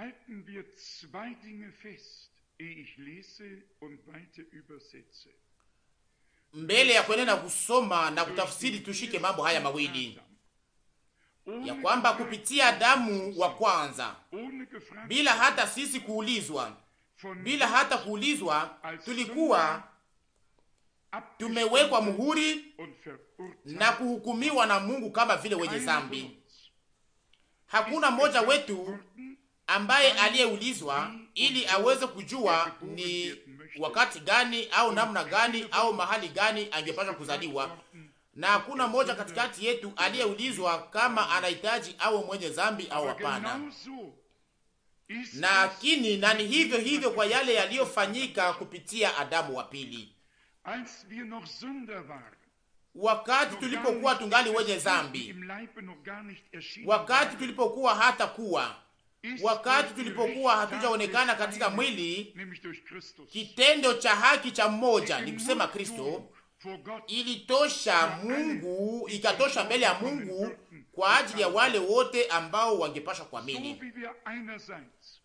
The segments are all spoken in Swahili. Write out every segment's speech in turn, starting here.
halten wir zwei Dinge fest, ehe ich lese und weiter übersetze. Mbele ya kuendelea na kusoma na kutafsiri, tushike mambo haya mawili ya kwamba kupitia damu wa kwanza, bila hata sisi kuulizwa, bila hata kuulizwa, tulikuwa tumewekwa muhuri na kuhukumiwa na Mungu kama vile wenye zambi. Hakuna mmoja wetu ambaye aliyeulizwa ili aweze kujua ni wakati gani au namna gani au mahali gani angepaswa kuzaliwa, na hakuna mmoja katikati yetu aliyeulizwa kama anahitaji au mwenye dhambi au hapana. Lakini na ni hivyo hivyo kwa yale yaliyofanyika kupitia Adamu wa pili, wakati tulipokuwa tungali wenye dhambi, wakati tulipokuwa hata kuwa wakati tulipokuwa hatujaonekana katika mwili, kitendo cha haki cha mmoja ni kusema Kristo ilitosha Mungu, ikatosha mbele ya Mungu kwa ajili ya wale wote ambao wangepashwa kuamini.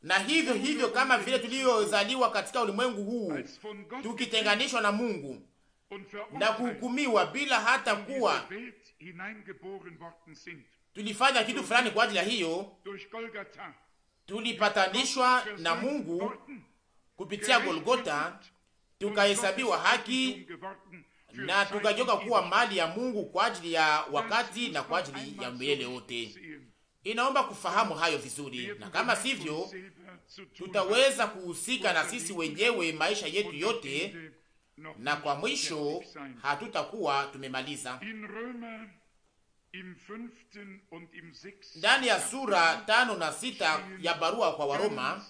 Na hivyo hivyo, kama vile tulivyozaliwa katika ulimwengu huu tukitenganishwa na Mungu na kuhukumiwa bila hata kuwa tulifanya kitu fulani kwa ajili ya hiyo tulipatanishwa na Mungu kupitia Golgota, tukahesabiwa haki na tukajoka kuwa mali ya Mungu kwa ajili ya wakati na kwa ajili ya mbele wote. Inaomba kufahamu hayo vizuri, na kama sivyo, tutaweza kuhusika na sisi wenyewe maisha yetu yote, na kwa mwisho hatutakuwa tumemaliza ndani ya sura tano na sita ya barua kwa Waroma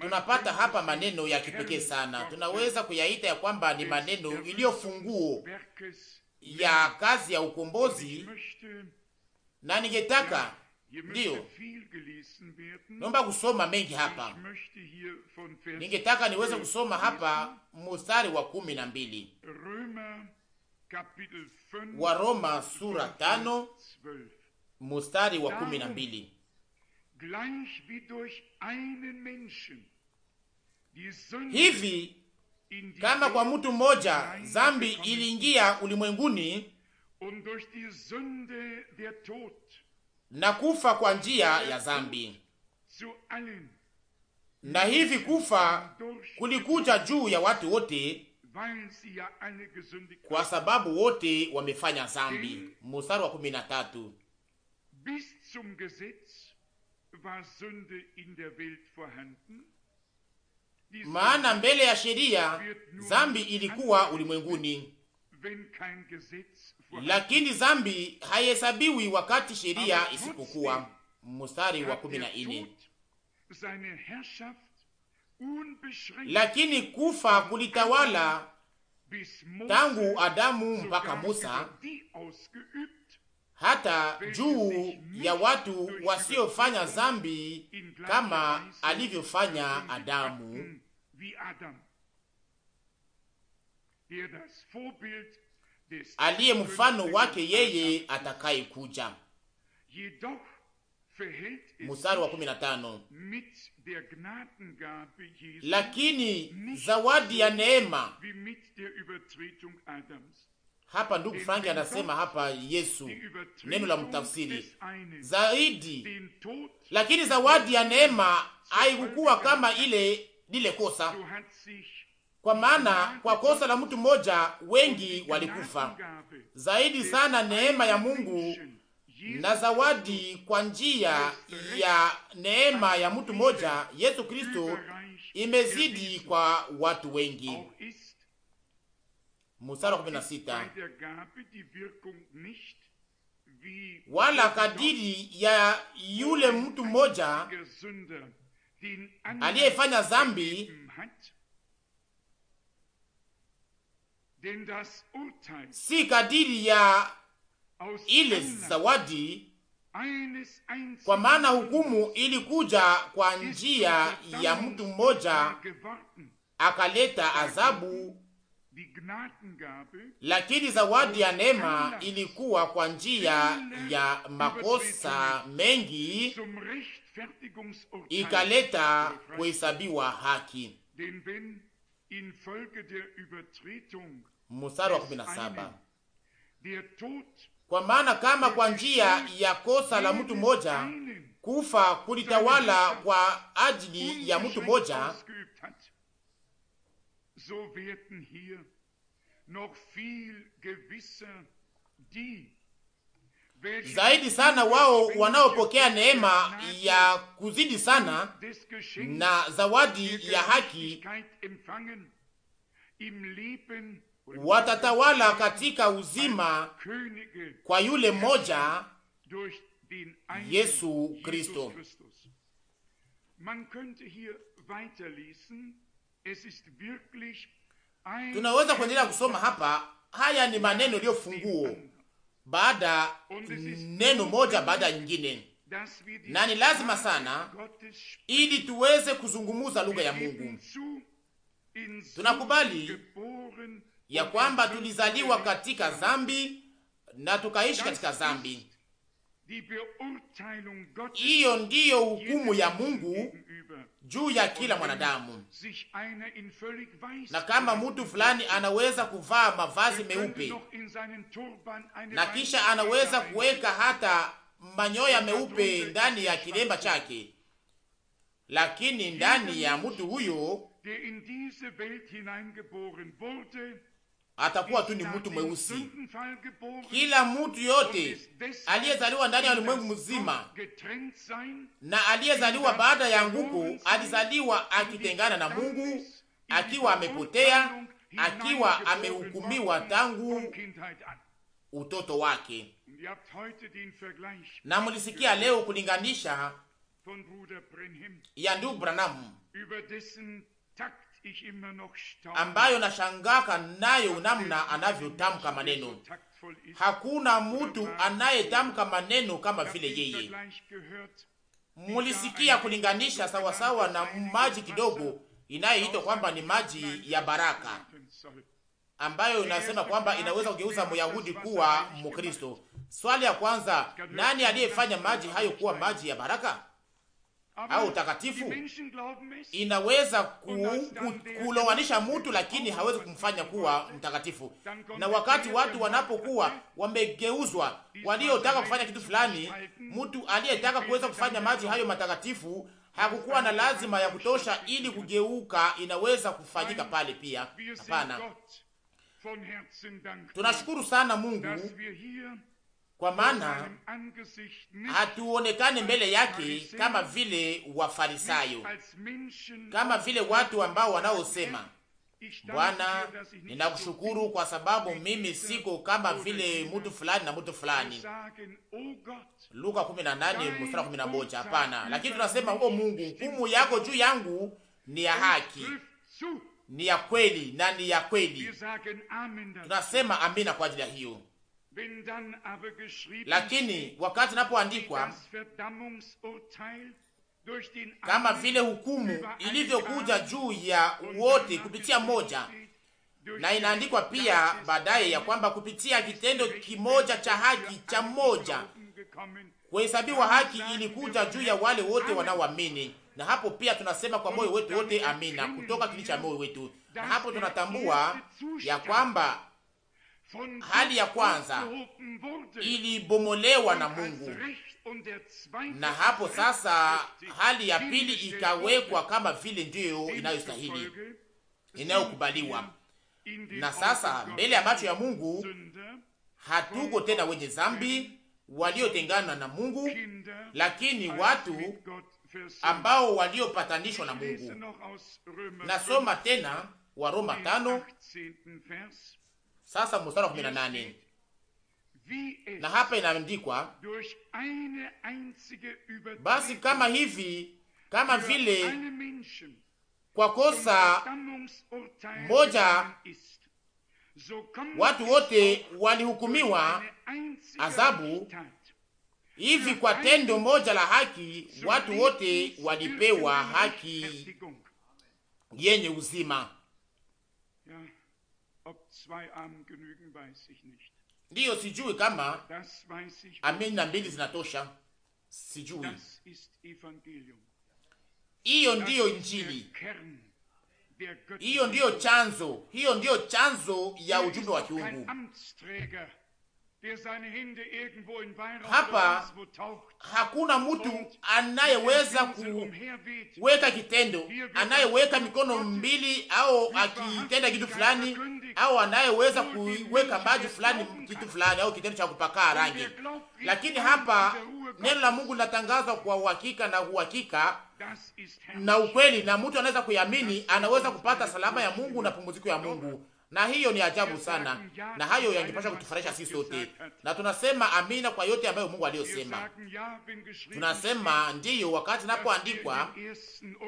tunapata hapa maneno ya kipekee sana, tunaweza kuyaita ya kwamba ni maneno iliyo funguo ya kazi ya ukombozi, na ningetaka ndiyo naomba kusoma mengi hapa. Ningetaka niweze kusoma hapa mustari wa kumi na mbili wa Roma sura tano mustari wa kumi na mbili. Hivi kama kwa mtu mmoja zambi iliingia ulimwenguni na kufa kwa njia ya zambi, na hivi kufa kulikuja juu ya watu wote kwa sababu wote wamefanya zambi. Mstari wa kumi na tatu maana mbele ya sheria zambi ilikuwa ulimwenguni, lakini zambi haihesabiwi wakati sheria isipokuwa. Mstari wa kumi na nne lakini kufa kulitawala tangu Adamu mpaka Musa, hata juu ya watu wasiofanya zambi kama alivyofanya Adamu. Aliye mfano wake yeye atakaye Mstari wa lakini zawadi ya neema hapa ndugu Franki anasema hapa Yesu neno la mtafsiri zaidi, lakini zawadi ya neema haikukuwa kama ile lile kosa, kwa maana kwa kosa la mtu mmoja wengi walikufa. Zaidi sana neema ya Mungu na zawadi kwa njia ya neema ya mtu mmoja Yesu Kristo imezidi kwa watu wengi. Mstari 16, wala kadiri ya yule mtu mmoja aliyefanya zambi si kadiri ya ile zawadi, kwa maana hukumu ilikuja kwa njia ya mtu mmoja akaleta adhabu, lakini zawadi ya neema ilikuwa kwa njia ya makosa mengi ikaleta kuhesabiwa haki. Mstari wa kumi na saba kwa maana kama kwa njia ya kosa la mtu mmoja kufa kulitawala kwa ajili ya mtu mmoja, zaidi sana wao wanaopokea neema ya kuzidi sana na zawadi ya haki watatawala katika uzima kwa yule mmoja Yesu Kristo. Tunaweza kuendelea kusoma hapa. Haya ni maneno yaliyo funguo baada neno moja baada ya nyingine, na ni lazima sana ili tuweze kuzungumuza lugha ya Mungu. Tunakubali ya kwamba tulizaliwa katika zambi na tukaishi katika zambi Hiyo ndiyo hukumu ya Mungu juu ya kila mwanadamu. Na kama mtu fulani anaweza kuvaa mavazi meupe na kisha anaweza kuweka hata manyoya meupe ndani ya kilemba chake, lakini ndani ya mtu huyo atakuwa tu ni mtu mweusi. Kila mtu yote aliyezaliwa ndani ya ulimwengu mzima na aliyezaliwa baada ya nguku alizaliwa akitengana na Mungu, akiwa amepotea, akiwa amehukumiwa tangu utoto wake. Na mlisikia leo kulinganisha ya ndugu Branham ambayo nashangaka nayo namna anavyotamka maneno. Hakuna mtu anayetamka maneno kama vile yeye. Mulisikia kulinganisha sawasawa na maji kidogo inayoitwa kwamba ni maji ya baraka ambayo inasema kwamba inaweza kugeuza Myahudi kuwa Mkristo. Swali ya kwanza, nani aliyefanya maji hayo kuwa maji ya baraka? au utakatifu inaweza ku, ku, kulowanisha mtu, lakini hawezi kumfanya kuwa mtakatifu. Na wakati watu wanapokuwa wamegeuzwa, waliotaka kufanya kitu fulani, mtu aliyetaka kuweza kufanya maji hayo matakatifu hakukuwa na lazima ya kutosha ili kugeuka, inaweza kufanyika pale pia. Hapana, tunashukuru sana Mungu kwa maana hatuonekane mbele yake kama vile Wafarisayo, kama vile watu ambao wanaosema Bwana, ninakushukuru kwa sababu mimi siko kama vile mtu fulani na mtu fulani, Luka 18 mstari 11. Hapana, lakini tunasema o Mungu, hukumu yako juu yangu ni ya haki, ni ya kweli na ni ya kweli. Tunasema amina kwa ajili ya hiyo lakini wakati napoandikwa kama vile hukumu ilivyokuja juu ya wote kupitia moja, na inaandikwa pia baadaye ya kwamba kupitia kitendo kimoja cha haki cha moja kuhesabiwa haki ilikuja juu ya wale wote wanaoamini. Na hapo pia tunasema kwa moyo wetu wote amina, kutoka kili cha moyo wetu. Na hapo er tunatambua ya kwamba Hali ya kwanza ilibomolewa na Mungu, na hapo sasa hali ya pili ikawekwa kama vile ndiyo inayostahili inayokubaliwa. Na sasa mbele ya macho ya Mungu hatuko tena wenye zambi waliotengana na Mungu, lakini watu ambao waliopatanishwa na Mungu. Nasoma tena Waroma tano sasa mstari wa 18 na hapa inaandikwa basi, kama hivi kama vile kwa kosa moja watu wote walihukumiwa adhabu, hivi kwa tendo moja la haki watu wote walipewa haki yenye uzima ndiyo, sijui kama amini na mbili zinatosha, sijui. Hiyo ndiyo Injili, hiyo ndiyo chanzo, hiyo ndiyo chanzo ya ujumbe wa kiungu. Hapa hakuna mtu anayeweza kuweka kitendo, anayeweka mikono mbili au akitenda kitu fulani, au anayeweza kuweka baji fulani, kitu fulani au kitendo cha kupaka rangi. Lakini hapa neno la Mungu linatangazwa kwa uhakika na uhakika na ukweli, na mtu anaweza kuiamini, anaweza kupata salama ya Mungu na pumziko ya Mungu na hiyo ni ajabu sana, na hayo yangepasha kutufurahisha sisi sote, na tunasema amina kwa yote ambayo Mungu aliyosema. Tunasema ndiyo, wakati napoandikwa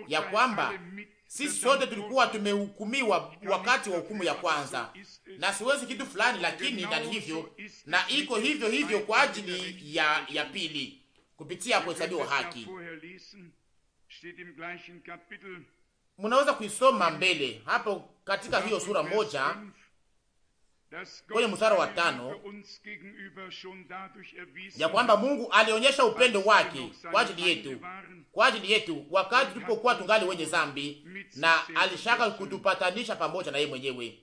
ya kwamba sisi sote tulikuwa tumehukumiwa wakati wa hukumu ya kwanza, na siwezi kitu fulani, lakini ndani hivyo na iko hivyo hivyo kwa ajili ya ya pili kupitia kuhesabiwa haki. Mnaweza kuisoma mbele hapo katika hiyo sura moja kwenye mstari wa tano ya kwamba Mungu alionyesha upendo wake kwa ajili yetu, kwa ajili yetu wakati tulipokuwa tungali wenye zambi, na alishaka kutupatanisha pamoja na yeye mwenyewe.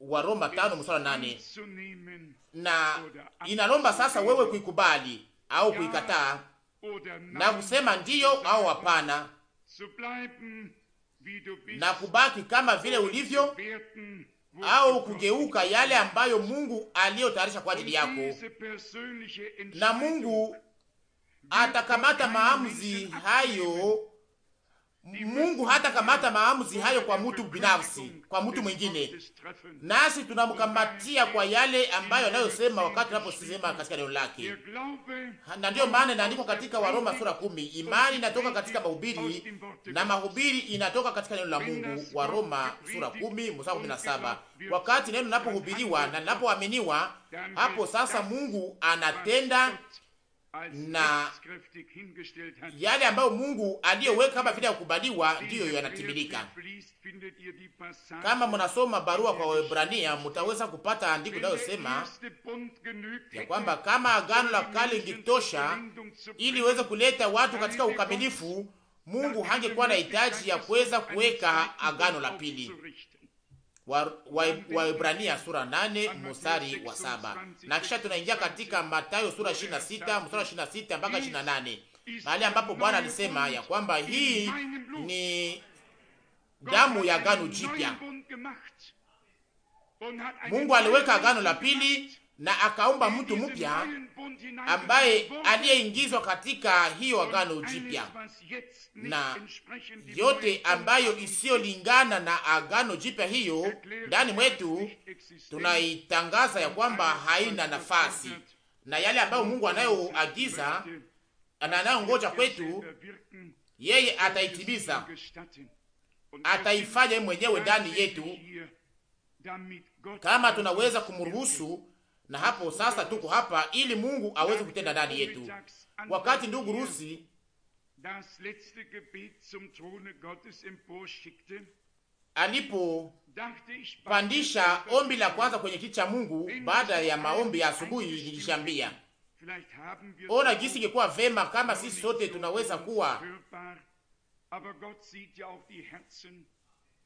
Waroma tano mstari nane. Na inalomba sasa wewe kuikubali au kuikataa na kusema ndiyo au hapana na kubaki kama vile ulivyo au kugeuka yale ambayo Mungu aliyotayarisha kwa ajili yako. Na Mungu atakamata maamuzi hayo Mungu hata kamata maamuzi hayo kwa mtu binafsi, kwa mtu mwingine, nasi tunamkamatia kwa yale ambayo anayosema wakati anaposema katika neno lake. Na ndiyo maana inaandikwa katika Waroma sura kumi, imani inatoka katika mahubiri na mahubiri inatoka katika neno la Mungu. Waroma sura kumi mstari kumi na saba. Wakati neno linapohubiriwa na linapoaminiwa, hapo sasa Mungu anatenda na yale ambayo Mungu aliyoweka kama vile kukubaliwa ndiyo yanatimilika. Kama mnasoma barua kwa Waebrania, mtaweza kupata andiko linalosema ya kwamba kama agano la kale lingetosha ili iweze kuleta watu katika ukamilifu, Mungu hangekuwa na hitaji ya kuweza kuweka agano la pili. Waibrania wa, wa sura nane mstari wa saba na kisha tunaingia katika Mathayo sura sita mstari wa sita mpaka nane mahali ambapo Bwana alisema ya kwamba hii ni damu ya gano jipya. Mungu aliweka agano la pili na akaumba mtu mpya ambaye aliyeingizwa katika hiyo agano jipya, na yote ambayo isiyolingana na agano jipya hiyo ndani mwetu tunaitangaza ya kwamba haina nafasi, na yale ambayo Mungu anayoagiza na anayongoja kwetu, yeye ataitimiza, ataifanya mwenyewe ndani yetu, kama tunaweza kumruhusu na hapo sasa tuko hapa ili Mungu aweze kutenda ndani yetu. Wakati ndugu Rusi alipopandisha ombi la kwanza kwenye kiti cha Mungu baada ya maombi ya asubuhi, nilishambia ona jinsi ingekuwa vema kama sisi sote tunaweza kuwa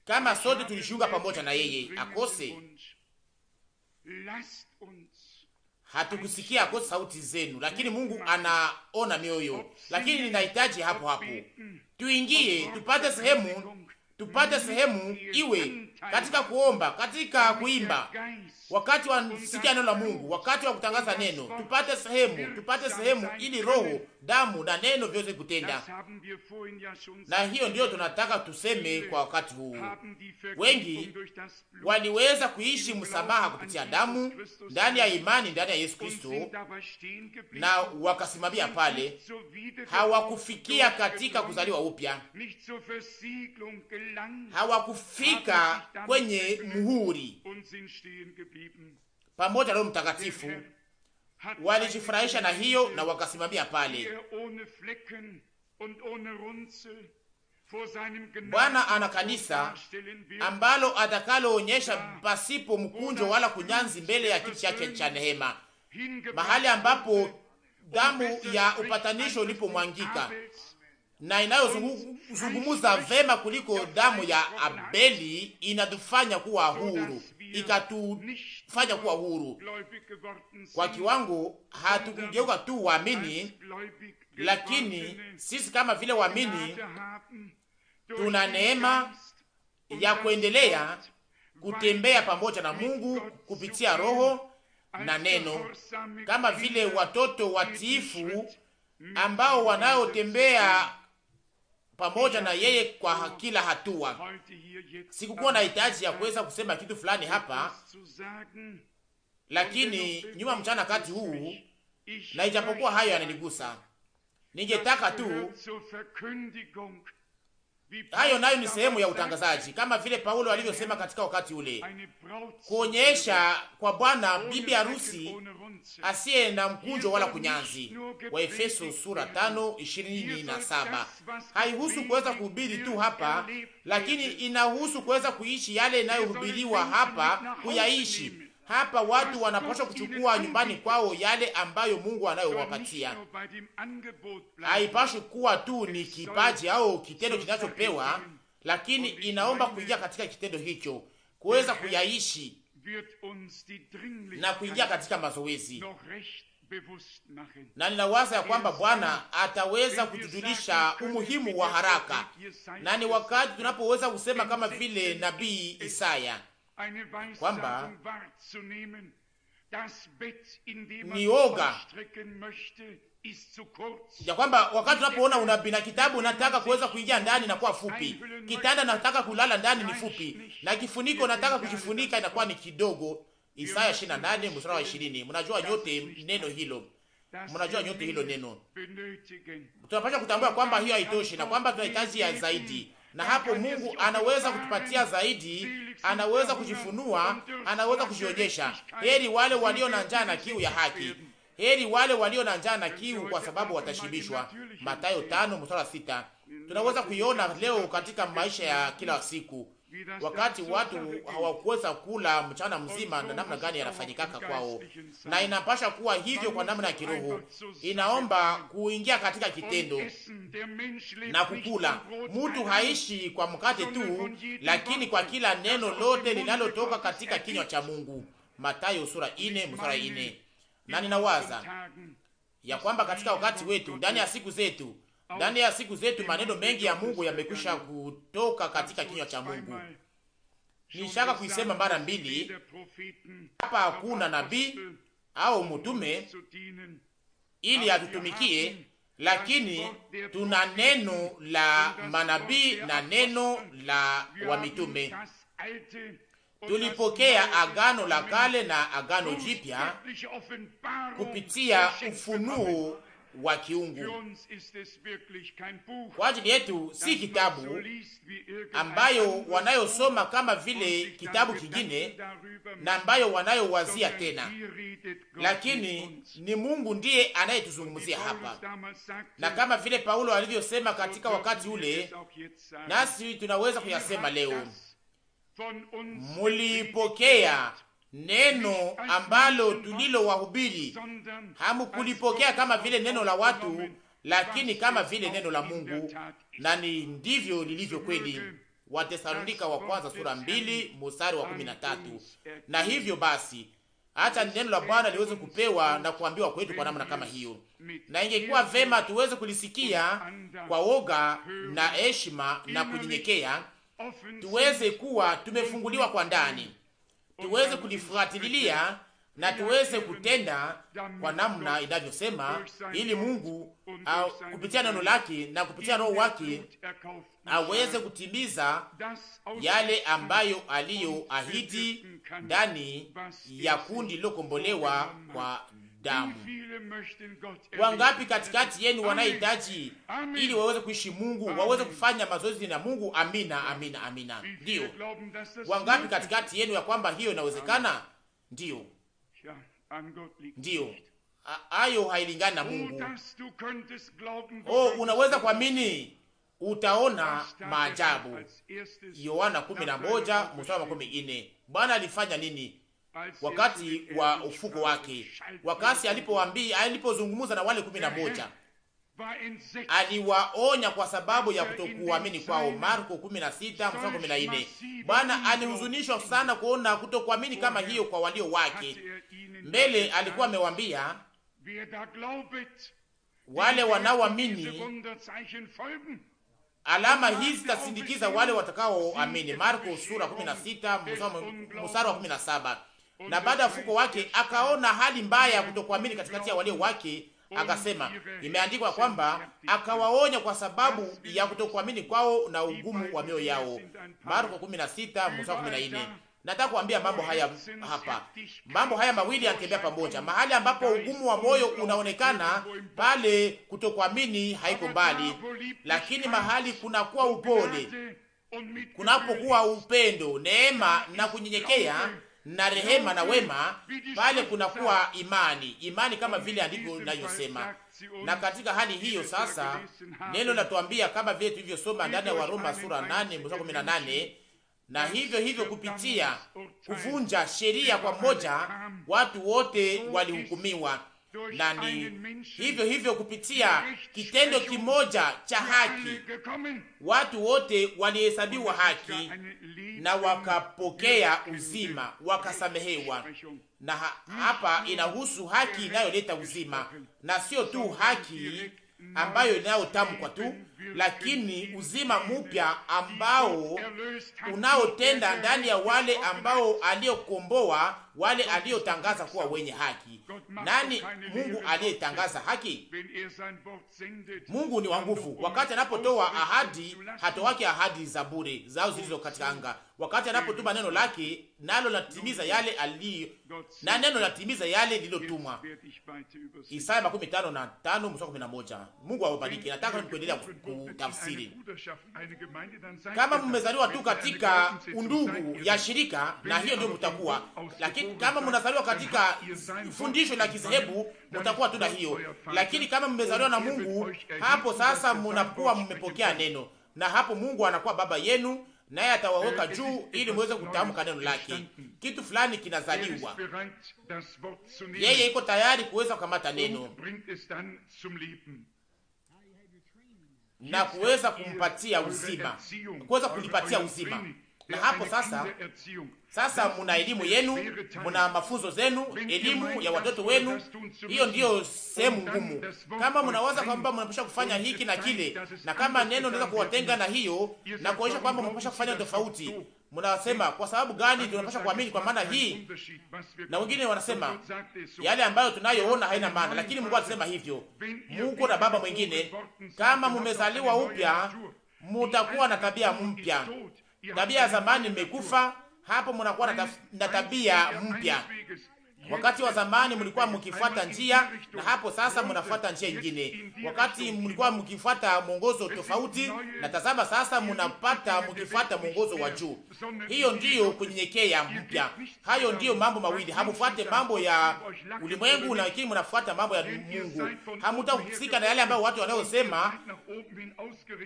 kama sote tulishuka pamoja na yeye akose hatukusikia ko sauti zenu, lakini Mungu anaona mioyo. Lakini ninahitaji hapo hapo tuingie, tupate sehemu, tupate sehemu iwe katika kuomba, katika kuimba, wakati wa sikia neno la Mungu, wakati wa kutangaza neno, tupate sehemu, tupate sehemu, ili roho, damu na neno viweze kutenda. Na hiyo ndiyo tunataka tuseme kwa wakati huu. Wengi waliweza kuishi msamaha kupitia damu ndani ya imani, ndani ya Yesu Kristo, na wakasimamia pale, hawakufikia katika kuzaliwa upya, hawakufika kwenye muhuri pamoja na Mtakatifu walijifurahisha na hiyo na wakasimamia pale. Bwana ana kanisa ambalo atakaloonyesha pasipo mkunjo wala kunyanzi mbele ya kiti chake cha neema, mahali ambapo damu ya upatanisho ilipomwangika na inayozungumuza vema kuliko damu ya Abeli inatufanya kuwa huru, ikatufanya kuwa huru kwa kiwango. Hatukugeuka tu waamini, lakini sisi kama vile waamini tuna neema ya kuendelea kutembea pamoja na Mungu kupitia Roho na neno, kama vile watoto watiifu ambao wanaotembea pamoja na yeye kwa kila hatua. Sikukuwa na hitaji ya kuweza kusema kitu fulani hapa, lakini nyuma mchana kati huu, na ijapokuwa hayo yananigusa, ningetaka tu Hayo nayo ni sehemu ya utangazaji, kama vile Paulo alivyosema katika wakati ule, kuonyesha kwa Bwana bibi harusi asiye na mkunjo wala kunyanzi, wa Efeso sura 5:27. Haihusu kuweza kuhubiri tu hapa, lakini inahusu kuweza kuishi yale inayohubiriwa hapa, kuyaishi hapa watu wanapaswa kuchukua nyumbani kwao yale ambayo Mungu anayowapatia. Haipaswi kuwa tu ni kipaji au kitendo kinachopewa, lakini inaomba kuingia katika kitendo hicho, kuweza kuyaishi na kuingia katika mazoezi na ninawaza ya kwamba Bwana ataweza kutujulisha umuhimu wa haraka, na ni wakati tunapoweza kusema kama vile nabii Isaya kwamba ni oga ya kwamba wakati unapoona unabii na kitabu nataka kuweza kuingia ndani inakuwa fupi, kitanda nataka kulala ndani ni fupi, na kifuniko nataka kujifunika inakuwa ni kidogo. Isaya 28 mstari wa 20. Mnajua nyote neno hilo, mnajua nyote hilo neno. Tunapaswa kutambua kwamba hiyo haitoshi na kwamba tunahitaji ya zaidi na hapo Mungu anaweza kutupatia zaidi, anaweza kujifunua, anaweza kujionyesha. Heri wale walio na njaa na kiu ya haki, heri wale walio na njaa na kiu, kwa sababu watashibishwa. Mathayo tano mstari 6. Tunaweza kuiona leo katika maisha ya kila siku wakati watu hawakuweza kula mchana mzima, na namna gani yanafanyikaka kwao, na inapasha kuwa hivyo kwa namna ya kiroho. Inaomba kuingia katika kitendo na kukula. Mtu haishi kwa mkate tu, lakini kwa kila neno lote linalotoka katika kinywa cha Mungu. Mathayo sura ine mstari ine. Na ninawaza ya kwamba katika wakati wetu ndani ya siku zetu ndani ya siku zetu maneno mengi ya Mungu yamekwisha kutoka katika kinywa cha Mungu. Nishaka kuisema mara mbili hapa, hakuna nabii au mtume ili atutumikie, lakini tuna neno la manabii na neno la wa mitume. Tulipokea agano la kale na agano jipya kupitia ufunuo wa kiungu. Kwa ajili yetu si kitabu ambayo wanayosoma kama vile kitabu kingine na ambayo wanayowazia tena, lakini ni Mungu ndiye anayetuzungumzia hapa, na kama vile Paulo alivyosema katika wakati ule, nasi tunaweza kuyasema leo, mulipokea neno ambalo tulilo tulilowahubiri hamukulipokea kama vile neno la watu, lakini kama vile neno la Mungu, na ni ndivyo lilivyo kweli. Watesalonika wa kwanza sura mbili mstari wa kumi na tatu. Na hivyo basi hata neno la Bwana liweze kupewa na kuambiwa kwetu kwa namna kama hiyo, na ingekuwa vema tuweze kulisikia kwa woga na heshima na kunyenyekea, tuweze kuwa tumefunguliwa kwa ndani tuweze kulifuatililia na tuweze kutenda kwa namna inavyosema, ili Mungu au, kupitia neno lake na kupitia roho wake aweze kutimiza yale ambayo aliyoahidi ndani ya kundi lilokombolewa kwa damu. Wangapi katikati yenu wanahitaji ili waweze kuishi Mungu, waweze kufanya mazoezi na Mungu? Amina, amina, amina. Ndio wangapi katikati yenu ya kwamba hiyo inawezekana? ndio ndiyo, hayo hailingani na Mungu. Oh, unaweza kuamini utaona maajabu. Yohana kumi na moja mstari wa makumi ine. Bwana alifanya nini? wakati wa ufuko wake, wakati alipowaambia, alipozungumza na wale kumi na moja aliwaonya kwa sababu ya kutokuamini kwao. Marko 16:14. Bwana alihuzunishwa sana kuona kutokuamini kama hiyo kwa walio wake. Mbele alikuwa amewaambia wale wanaoamini alama hizi zitasindikiza wale watakaoamini. Marko sura 16 mstari wa 17 na baada ya ufuko wake akaona hali mbaya ya kutokuamini katikati ya walio wake, akasema imeandikwa kwamba akawaonya kwa sababu ya kutokuamini kwao na ugumu wa mioyo yao. Marko 16 mstari 14. Nataka kuambia mambo haya hapa, mambo haya mawili yanatembea pamoja. Mahali ambapo ugumu wa moyo unaonekana, pale kutokuamini haiko mbali, lakini mahali kunakuwa upole, kunapokuwa upendo, neema na kunyenyekea na rehema na wema, pale kunakuwa imani, imani kama vile andiko linayosema. Na katika hali hiyo sasa, neno latuambia kama vile tulivyosoma ndani ya Waroma sura 8 mstari 18, na hivyo hivyo kupitia kuvunja sheria kwa moja watu wote walihukumiwa na ni hivyo hivyo kupitia kitendo kimoja cha haki watu wote walihesabiwa haki na wakapokea uzima, wakasamehewa. Na ha hapa inahusu haki inayoleta uzima na sio tu haki ambayo inayotamkwa tu, lakini uzima mpya ambao unaotenda ndani ya wale ambao aliyokomboa, wale aliyotangaza kuwa wenye haki. Nani Mungu aliyetangaza haki? Mungu ni wa nguvu. Wakati anapotoa ahadi, hatowake ahadi za bure zao zilizo katika anga. Wakati anapotuma neno lake, nalo latimiza yale ali na neno latimiza yale lililotumwa. Isaya makumi mstari wa kumi Mungu awabariki. Nataka nikuendelea kutafsiri. Kama mmezaliwa tu katika undugu ya shirika, na hiyo ndio mtakuwa, lakini kama mnazaliwa katika fundisho la kizehebu mtakuwa tu na hiyo. Lakini kama mmezaliwa na Mungu, hapo sasa mnakuwa mmepokea neno, na hapo Mungu anakuwa baba yenu naye atawaweka äh, juu ili muweze kutamka neno lake. Kitu fulani kinazaliwa, er yeye iko tayari kuweza kukamata neno na kuweza kumpatia uzima, kuweza kujipatia uzima. Na hapo sasa, sasa muna elimu yenu, muna mafunzo zenu, elimu ya watoto wenu. Hiyo ndiyo sehemu ngumu. Kama munawaza kwamba mnapasha kufanya hiki na kile, na kama neno naweza kuwatenga na hiyo na kuonyesha kwamba mnapasha kufanya tofauti, mnasema kwa sababu gani tunapaswa kuamini kwa maana hii? Na wengine wanasema yale ambayo tunayoona haina maana, lakini Mungu anasema hivyo. Mungu na baba mwingine, kama mmezaliwa upya, mutakuwa na tabia mpya. Tabia ya zamani mekufa hapo mnakuwa na tabia mpya Wakati wa zamani mlikuwa mkifuata njia, na hapo sasa mnafuata njia nyingine. Wakati mlikuwa mkifuata mwongozo tofauti, na tazama sasa mnapata mkifuata mwongozo wa juu. Hiyo ndiyo kunyenyekea mpya. Hayo ndiyo mambo mawili. Hamufuate mambo ya ulimwengu, lakini mnafuata mambo ya Mungu. Hamtahusika na yale ambayo watu wanayosema,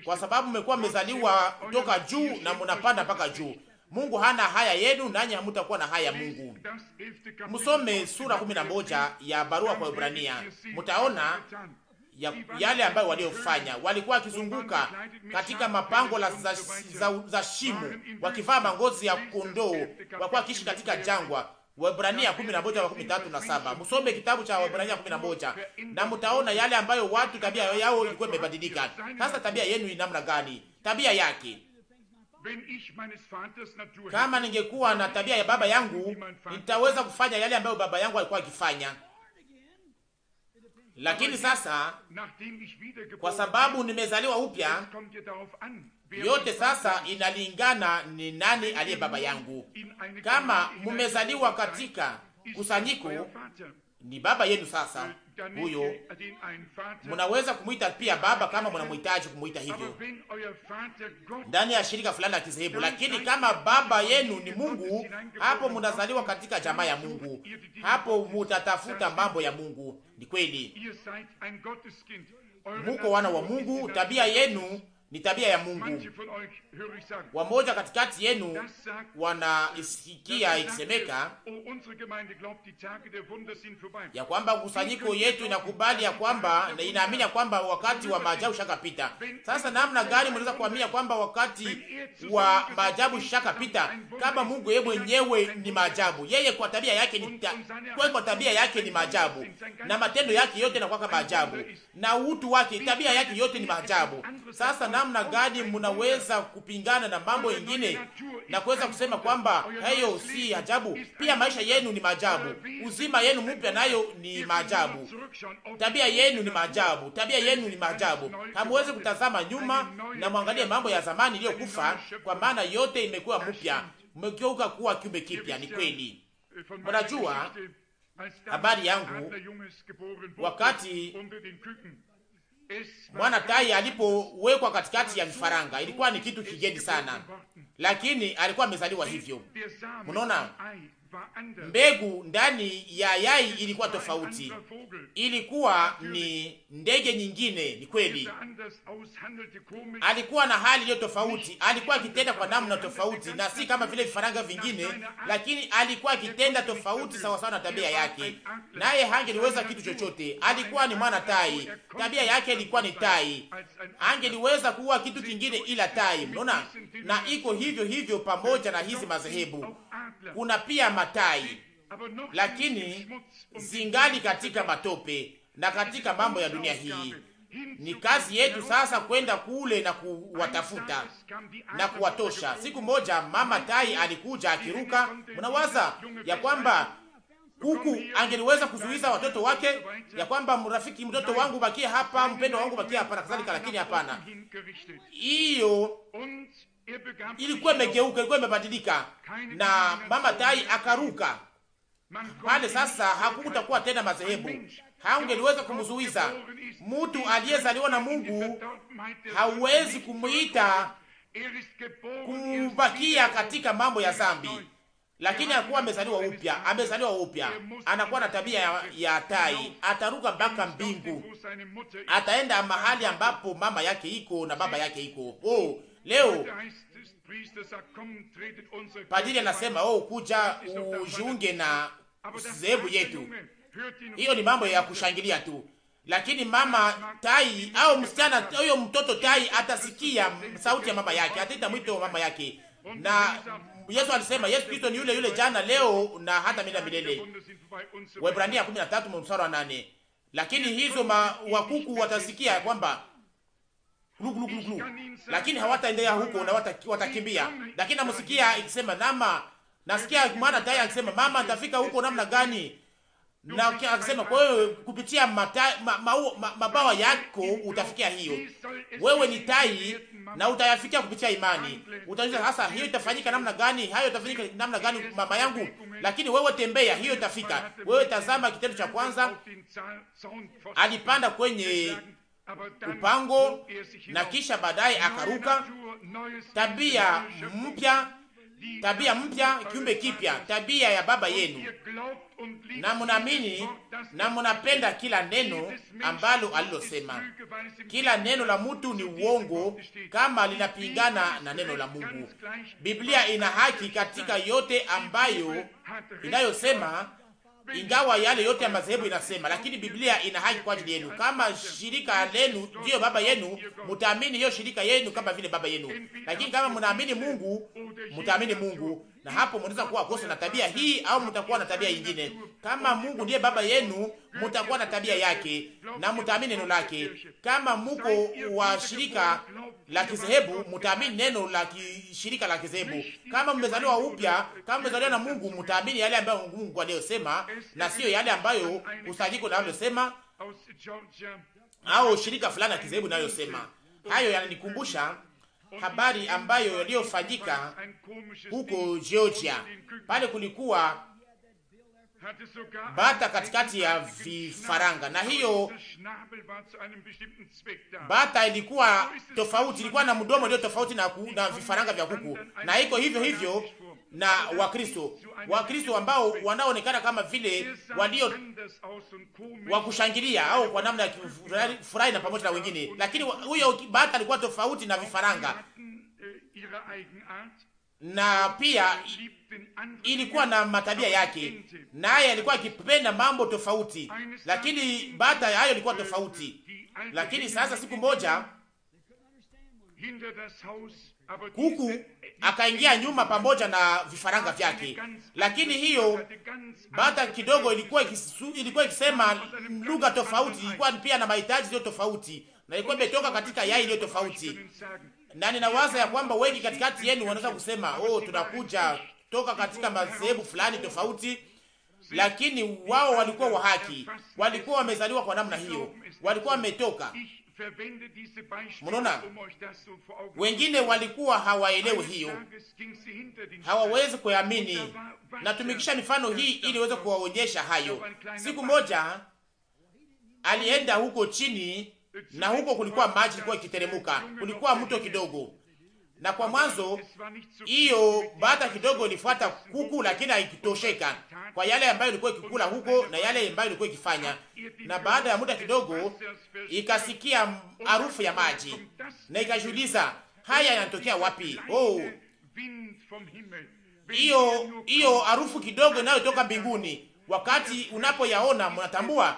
kwa sababu mmekuwa mmezaliwa toka juu na mnapanda mpaka juu. Mungu hana haya yenu, nanyi hamutakuwa na haya Mungu. Msome sura 11 ya barua kwa Ibrania, mtaona ya, yale ambayo waliofanya walikuwa wakizunguka katika mapango la za, za, za shimu wakivaa mangozi ya kondoo, walikuwa wakiishi katika jangwa. Waebrania 11:13 na 7. Msome kitabu cha Waebrania 11 na mtaona yale ambayo watu tabia yao ilikuwa imebadilika. Sasa tabia yenu ni namna gani? Tabia yake kama ningekuwa na tabia ya baba yangu, nitaweza kufanya yale ambayo baba yangu alikuwa akifanya. Lakini sasa kwa sababu nimezaliwa upya, yote sasa inalingana ni nani aliye baba yangu. Kama mumezaliwa katika kusanyiko, ni baba yenu sasa huyo munaweza kumwita pia baba kama mnamhitaji kumwita hivyo ndani ya shirika fulani la kizehebu, lakini kama baba yenu ni Mungu, hapo munazaliwa katika jamaa ya Mungu, hapo mutatafuta mambo ya Mungu. Ni kweli muko wana wa Mungu, tabia yenu ni tabia ya Mungu. Wamoja katikati yenu wanaisikia ikisemeka oh, ya kwamba kusanyiko yetu inakubali ya kwamba na inaamini ya kwamba wakati wa maajabu shakapita. Sasa namna gani mnaweza kuamini ya kwamba wakati wa maajabu shakapita kama Mungu yeye mwenyewe ni maajabu? Yeye kwa tabia yake ni ta, kwa tabia yake ni maajabu, na matendo yake yote yanakuwa maajabu, na utu wake, tabia yake yote ni maajabu. Sasa namna gani mnaweza kupingana na mambo mengine na kuweza kusema kwamba hayo si ajabu? Pia maisha yenu ni maajabu, uzima yenu mpya nayo ni maajabu, tabia yenu ni maajabu, tabia yenu ni maajabu. Hamuwezi kutazama nyuma na mwangalie mambo ya zamani iliyokufa, kwa maana yote imekuwa mpya, mmegeuka kuwa kiumbe kipya. Ni kweli. Mnajua habari yangu wakati mwana tai alipowekwa katikati ya vifaranga ilikuwa ni kitu kigeni sana, lakini alikuwa amezaliwa hivyo. Mnaona mbegu ndani ya yai ilikuwa tofauti, ilikuwa ni ndege nyingine. Ni kweli, alikuwa na hali iliyo tofauti, alikuwa akitenda kwa namna tofauti, na si kama vile vifaranga vingine, lakini alikuwa akitenda tofauti sawasawa na tabia yake, naye hangeliweza kitu chochote. Alikuwa ni mwana tai, tabia yake ilikuwa ni tai, angeliweza kuwa kitu kingine ila tai. Mnaona, na iko hivyo hivyo pamoja na hizi madhehebu, kuna pia matai, lakini zingali katika matope na katika mambo ya dunia hii. Ni kazi yetu sasa kwenda kule na kuwatafuta na kuwatosha. Siku moja mama tai alikuja akiruka. Mnawaza ya kwamba kuku angeliweza kuzuiza watoto wake, ya kwamba mrafiki, mtoto wangu bakie hapa, mpendo wangu bakie hapa na kadhalika, lakini hapana. Hiyo ilikuwa imegeuka, ilikuwa imebadilika, na mama tai akaruka pale. Sasa hakukutakuwa tena madhehebu, haungeliweza kumzuiza mtu aliyezaliwa na Mungu. Hauwezi kumwita kumbakia katika mambo ya zambi, lakini akuwa amezaliwa upya. Amezaliwa upya, anakuwa na tabia ya, ya tai, ataruka mpaka mbingu, ataenda mahali ambapo mama yake iko na baba yake iko. Oh, Leo padiri anasema oh, kuja ujiunge na zehebu yetu. Hiyo ni mambo ya kushangilia tu, lakini mama tai au msichana huyo, mtoto tai atasikia sauti ya mama yake, ataita mwito wa mama yake. Na Yesu alisema, Yesu Kristo ni yule yule jana leo na hata milele milele, Waebrania 13 mstari wa 8. Lakini hizo wakuku watasikia kwamba glu, lakini hawataendelea huko na watakimbia. Lakini namsikia ikisema mama, nasikia mwana tayari akisema mama, nitafika huko namna gani? Na akisema kwa wewe kupitia mata, ma, ma, ma, mabawa yako utafikia hiyo. Wewe ni tai na utayafikia kupitia imani. Utajua sasa hiyo itafanyika namna gani? Hayo itafanyika namna gani mama yangu? Lakini wewe tembea, hiyo itafika. Wewe tazama kitendo cha kwanza. Alipanda kwenye upango, na kisha baadaye akaruka tabia mpya, tabia mpya, kiumbe kipya, tabia ya baba yenu, na munaamini na munapenda kila neno ambalo alilosema. Kila neno la mtu ni uongo kama linapingana na neno la Mungu. Biblia ina haki katika yote ambayo inayosema ingawa yale yote ya madhehebu inasema, lakini Biblia ina haki kwa ajili yenu. Kama shirika lenu ndiyo baba yenu, mtaamini hiyo shirika yenu kama vile baba yenu, lakini kama mnaamini Mungu, mtaamini Mungu na hapo mtaweza kuwa kosa na tabia hii au mtakuwa na tabia nyingine. Kama Mungu ndiye baba yenu, mtakuwa na tabia yake na mtaamini neno lake. Kama mko wa shirika la kizehebu, mtaamini neno la shirika la kizehebu. Kama mmezaliwa upya, kama mmezaliwa na Mungu, mtaamini yale ambayo Mungu aliyosema na sio yale ambayo usajiko nalosema au shirika fulani la kizehebu nayosema. Hayo yananikumbusha habari ambayo yaliyofanyika huko Georgia. Pale kulikuwa bata katikati ya vifaranga, na hiyo bata ilikuwa tofauti, ilikuwa na mdomo ulio tofauti na, na vifaranga vya kuku, na iko hivyo hivyo na Wakristo, Wakristo ambao wanaonekana kama vile walio wa kushangilia au kwa namna ya furahi na pamoja na wengine, lakini huyo Bahati alikuwa tofauti na vifaranga, na pia ilikuwa na matabia yake, naye alikuwa akipenda mambo tofauti, lakini Bahati hayo ilikuwa tofauti. Lakini sasa siku moja huku akaingia nyuma pamoja na vifaranga vyake. Lakini hiyo baada kidogo ilikuwa ikisu, ilikuwa ikisema lugha tofauti, ilikuwa pia na mahitaji iliyo tofauti, na ilikuwa imetoka katika yai iliyo tofauti. Na ninawaza ya kwamba wengi katikati yenu wanaweza kusema oh, tunakuja toka katika madhehebu fulani tofauti, lakini wao walikuwa wa haki, walikuwa wamezaliwa kwa namna hiyo, walikuwa wametoka Mnaona, um wengine walikuwa hawaelewi hiyo, hawawezi kuamini. Natumikisha mifano hii ili weze kuwaonyesha hayo. Siku moja alienda huko chini, na huko kulikuwa maji, ilikuwa ikiteremuka, kulikuwa mto kidogo na kwa mwanzo hiyo bata kidogo ilifuata kuku, lakini haikutosheka kwa yale ambayo ilikuwa ikikula huko na yale ambayo ilikuwa ikifanya. Na baada ya muda kidogo ikasikia harufu ya maji na ikajiuliza, haya yanatokea wapi? Oh, hiyo hiyo harufu kidogo inayotoka mbinguni. Wakati unapoyaona mnatambua,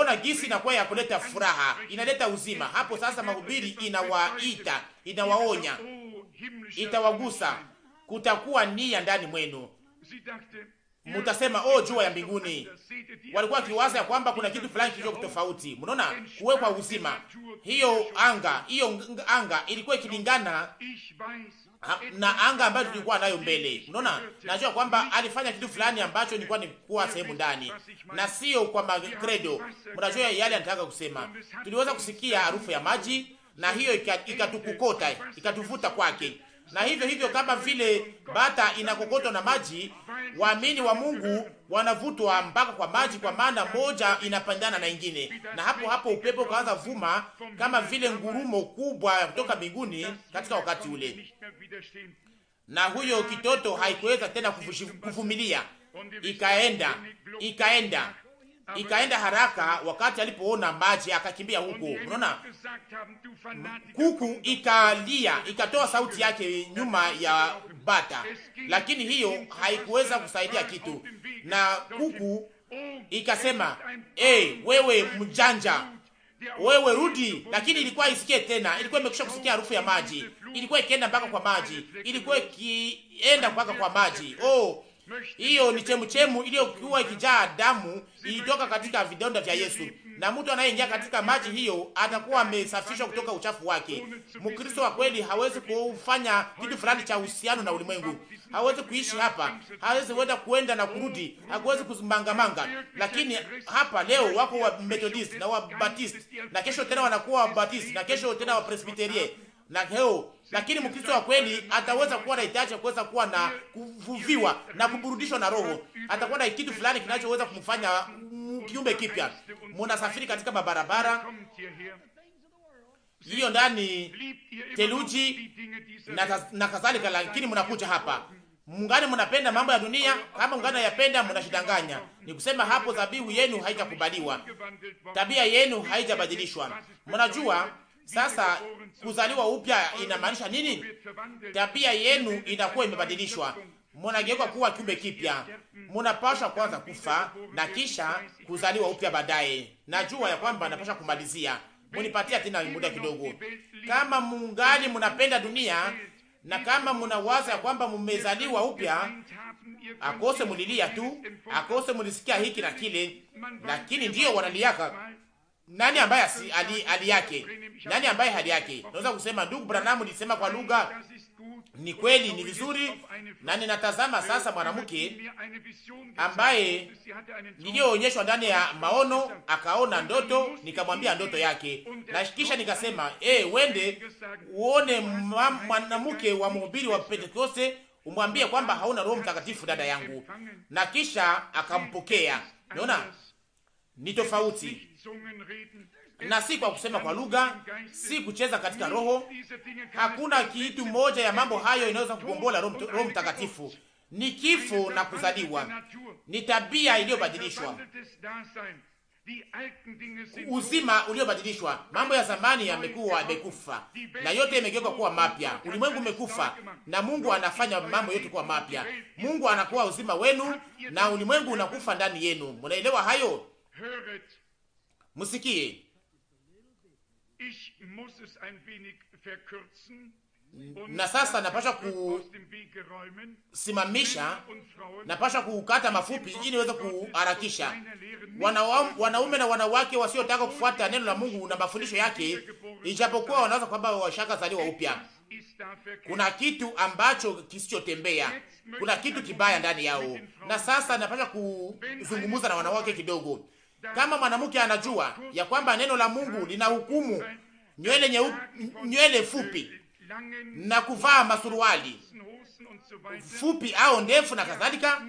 ona gisi inakuwa ya kuleta furaha, inaleta uzima. Hapo sasa mahubiri inawaita, inawaonya itawagusa, kutakuwa nia ndani mwenu. Mutasema oh, jua ya mbinguni. Walikuwa wakiwaza ya kwamba kuna kitu fulani kilicho tofauti. Mnaona, kuwekwa uzima, hiyo anga, hiyo anga ilikuwa ikilingana na anga ambayo tulikuwa nayo mbele. Unaona, najua kwamba alifanya kitu fulani ambacho nilikuwa nikuwa sehemu ndani, na sio kwa magredo. Mnajua yale anataka kusema. Tuliweza kusikia harufu ya maji, na hiyo ikatukokota ikatuvuta kwake. Na hivyo hivyo, kama vile bata inakokotwa na maji, waamini wa Mungu wanavutwa mpaka kwa maji, kwa maana moja inapandana na ingine, na hapo hapo upepo ukaanza vuma kama vile ngurumo kubwa kutoka mbinguni katika wakati ule, na huyo kitoto haikuweza tena kuvumilia, ikaenda ikaenda ikaenda haraka, wakati alipoona maji akakimbia huko. Unaona, kuku ikalia, ikatoa sauti yake nyuma ya bata, lakini hiyo haikuweza kusaidia kitu, na kuku ikasema hey, eh, wewe mjanja wewe rudi, lakini ilikuwa isikie tena, ilikuwa imekwisha kusikia harufu ya maji, ilikuwa ikienda mpaka kwa maji, ilikuwa ikienda mpaka kwa maji. Oh, hiyo ni chemuchemu iliyokuwa ikijaa damu, ilitoka katika vidonda vya Yesu, na mtu anayeingia katika maji hiyo atakuwa amesafishwa kutoka uchafu wake. Mkristo wa kweli hawezi kufanya kitu fulani cha uhusiano na ulimwengu, hawezi kuishi hapa, hawezi kwenda kuenda na kurudi, hawezi kuzimangamanga. Lakini hapa leo wako wa Methodist na wa Baptist, na kesho tena wanakuwa wa Baptist, na kesho tena wa Presbyterian, na leo lakini Mkristo wa kweli ataweza kuwa na hitaji ya kuweza kuwa na kuvuviwa na kuburudishwa na Roho, atakuwa na kitu fulani kinachoweza kumfanya kiumbe kipya. Munasafiri katika mabarabara iliyo ndani teluji na, kadhalika, lakini mnakuja hapa mungani, mnapenda mambo ya dunia. Kama mungani hayapenda, mnashidanganya. Ni kusema hapo dhabihu yenu haitakubaliwa, tabia yenu haijabadilishwa. Mnajua sasa kuzaliwa upya inamaanisha nini? Tabia yenu inakuwa imebadilishwa, munageuka kuwa kiumbe kipya. munapashwa kwanza kufa na kisha kuzaliwa upya baadaye. Najua ya kwamba napasha kumalizia, munipatia tena muda kidogo. Kama mungali munapenda dunia na kama munawaza ya kwamba mmezaliwa upya, akose mulilia tu, akose mulisikia hiki na kile, lakini ndiyo wanaliaka nani ambaye si, ali, ali yake? Nani ambaye hali yake? Naweza kusema ndugu Branamu nilisema kwa lugha ni kweli, ni vizuri, na ninatazama sasa mwanamke ambaye niliyoonyeshwa ndani ya maono, akaona ndoto, nikamwambia ndoto yake, na kisha nikasema eh, wende uone mwanamke wa mhubiri wa Pentekoste, umwambie kwamba hauna Roho Mtakatifu dada yangu, na kisha akampokea. Naona ni tofauti na si kwa kusema kwa lugha, si kucheza katika roho. Hakuna kitu moja ya mambo hayo inaweza kugombola Roho Mtakatifu. Ni kifo na kuzaliwa, ni tabia iliyobadilishwa, uzima uliobadilishwa. Mambo ya zamani yamekuwa yamekufa na yote yamegeuka kuwa mapya. Ulimwengu umekufa na Mungu anafanya mambo yote kuwa mapya. Mungu anakuwa uzima wenu na ulimwengu unakufa ndani yenu. mnaelewa hayo? Msikie, na sasa napasha kusimamisha, napasha kukata mafupi ili niweze kuharakisha. Wanaume na wanawake wasiotaka kufuata neno la Mungu na mafundisho yake, ijapokuwa wanaweza kwamba washaka zaliwa upya, kuna kitu ambacho kisichotembea, kuna kitu kibaya ndani yao. Na sasa napasha kuzungumuza na wanawake kidogo kama mwanamke anajua ya kwamba neno la Mungu lina hukumu nywele nye, nywele fupi na kuvaa masuruali fupi au ndefu na kadhalika,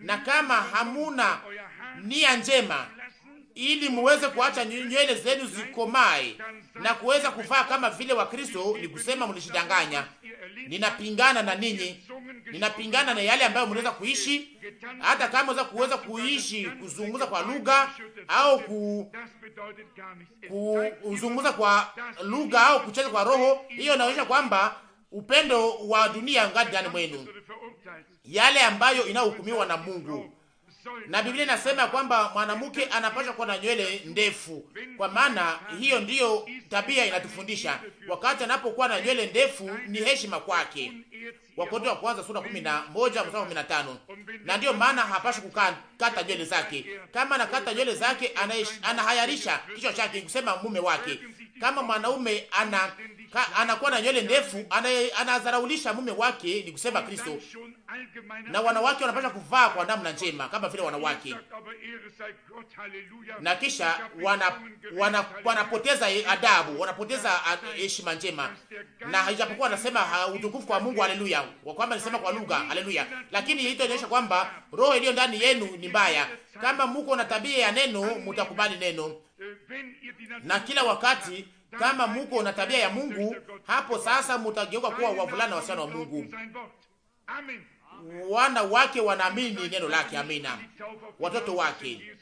na kama hamuna nia njema ili muweze kuacha nywele zenu zikomae na kuweza kuvaa kama vile Wakristo, ni kusema mlishidanganya. Ninapingana na ninyi, ninapingana na yale ambayo mnaweza kuishi, hata kama weza kuweza kuishi kuzunguza kwa lugha au ku, kuzunguza kwa lugha au kucheza kwa roho. Hiyo inaonyesha kwamba upendo wa dunia ndani mwenu, yale ambayo inahukumiwa na Mungu na Biblia inasema kwamba mwanamke anapaswa kuwa na nywele ndefu, kwa maana hiyo ndiyo tabia inatufundisha. Wakati anapokuwa na nywele ndefu ni heshima kwake, Wakorintho wa kwanza sura 11 mstari 15. Na ndiyo maana hapashi kukata nywele zake. Kama anakata nywele zake, anahayarisha kichwa chake kusema mume wake, kama mwanaume ana ka, anakuwa na nywele ndefu anazaraulisha mume wake, ni kusema Kristo. Na wanawake wanapaswa kuvaa kwa namna njema kama vile wanawake, na kisha wanapoteza wana, wana adabu, wanapoteza heshima njema. Na ijapokuwa anasema utukufu kwa Mungu, haleluya, kwa kwamba anasema kwa lugha, haleluya, lakini hii inaonyesha kwamba roho iliyo ndani yenu ni mbaya. Kama mko na tabia ya neno, mtakubali neno na kila wakati kama muko na tabia ya Mungu, hapo sasa mutageuka kuwa wavulana wa wasichana wa Mungu. Wana wake wanaamini neno lake, amina, watoto wake.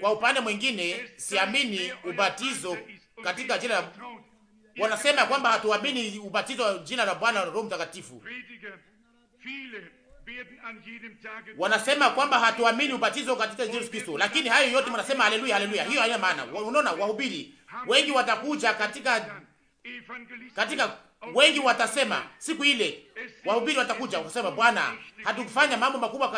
Kwa upande mwingine, siamini ubatizo katika jina la... wanasema kwamba hatuamini ubatizo wa jina la Bwana Roho Mtakatifu wanasema kwamba hatuamini ubatizo katika Yesu Kristo, lakini hayo yote wanasema haleluya, haleluya. Hiyo haina maana. Unaona, wahubiri wengi watakuja katika katika wengi watasema siku ile, wahubiri watakuja wakasema, Bwana, hatukufanya mambo makubwa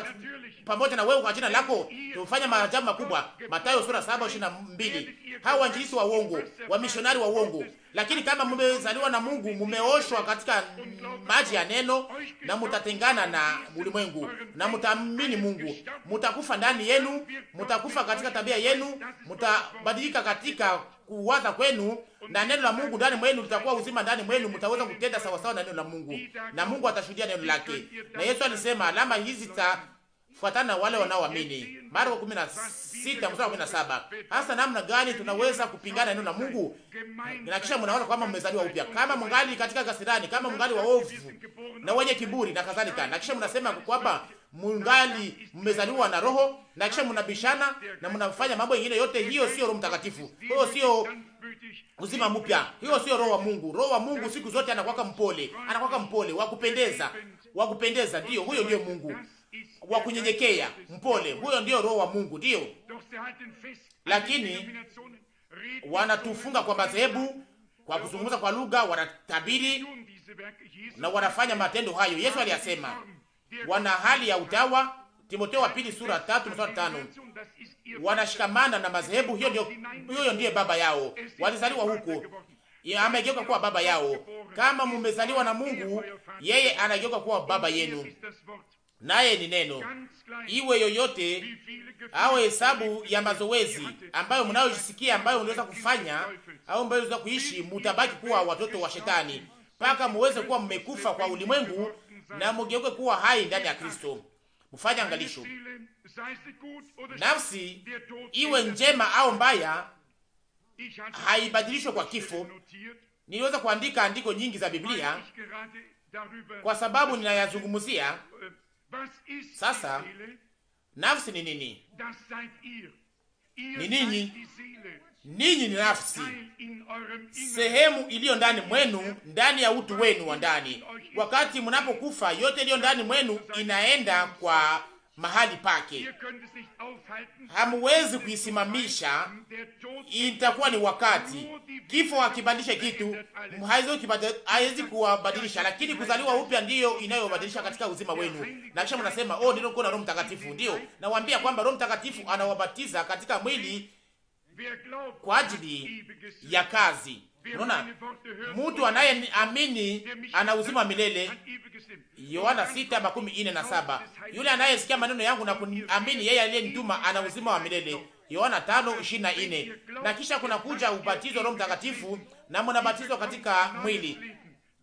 pamoja na wewe kwa jina lako tumefanya maajabu makubwa. Mathayo sura 7 22. Hao wanjilisi wa uongo, wa mishonari wa uongo. Lakini kama mmezaliwa na Mungu, mmeoshwa katika maji ya neno na mtatengana na ulimwengu na mtaamini Mungu. Mtakufa ndani yenu, mtakufa katika tabia yenu, mtabadilika katika kuwaza kwenu na neno la Mungu ndani mwenu litakuwa uzima ndani mwenu, mtaweza kutenda sawasawa na neno la Mungu na Mungu atashuhudia neno lake. Na Yesu alisema alama hizi za kufuatana na wale wanaoamini. Marko 16 mstari wa 17. Hasa namna gani tunaweza kupingana neno la Mungu? Na kisha mnaona kwamba mmezaliwa upya. Kama mngali katika kasirani, kama mngali waovu na wenye kiburi na kadhalika. Na kisha mnasema kwamba mngali mmezaliwa na roho na kisha mnabishana na mnafanya mambo mengine yote, hiyo sio Roho Mtakatifu. Hiyo sio uzima mpya. Hiyo sio roho wa Mungu. Roho wa Mungu siku zote anakuwa mpole, anakuwa mpole, wa kupendeza, wa kupendeza. Ndio huyo ndio Mungu wa kunyenyekea, mpole. Huyo ndiyo roho wa Mungu, ndio Lakini wanatufunga kwa madhehebu, kwa kuzungumza kwa lugha, wanatabiri na wanafanya matendo hayo. Yesu aliyasema, wana hali ya utawa. Timotheo wa pili sura tatu mstari tano. Wanashikamana na madhehebu, hiyo ndio hiyo ndiyo baba yao, walizaliwa huko, amegeuka kuwa baba yao. Kama mumezaliwa na Mungu, yeye anageuka kuwa baba yenu naye ni neno, iwe yoyote au hesabu ya mazoezi ambayo mnayojisikia ambayo unaweza kufanya au ambayo unaweza kuishi, mutabaki kuwa watoto wa shetani mpaka muweze kuwa mmekufa kwa ulimwengu na mugeuke kuwa hai ndani ya Kristo. Mfanye angalisho, nafsi iwe njema au mbaya, haibadilishwe kwa kifo. Niliweza kuandika andiko nyingi za Biblia kwa sababu ninayazungumzia sasa nafsi ni nini? Ni ninyi, ninyi ni nafsi, sehemu iliyo ndani mwenu, ndani ya utu wenu wa ndani. Wakati mnapokufa, yote iliyo ndani mwenu inaenda kwa mahali pake, hamuwezi kuisimamisha. Itakuwa ni wakati kifo akibadilisha kitu, haiwezi kuwabadilisha, lakini kuzaliwa upya ndiyo inayobadilisha katika uzima wenu. Na kisha mnasema oh, ndio kuna Roho Mtakatifu. Ndio nawaambia kwamba Roho Mtakatifu anawabatiza katika mwili kwa ajili ya kazi Unaona, mtu anayeamini ana uzima wa milele. Yohana sita makumi ine na saba. Yule anayesikia maneno yangu na amini yeye aliyenituma ana uzima wa milele. Yohana tano ishirini na ine. Na kisha kuna kuja ubatizo Roho Mtakatifu na mnabatizwa katika mwili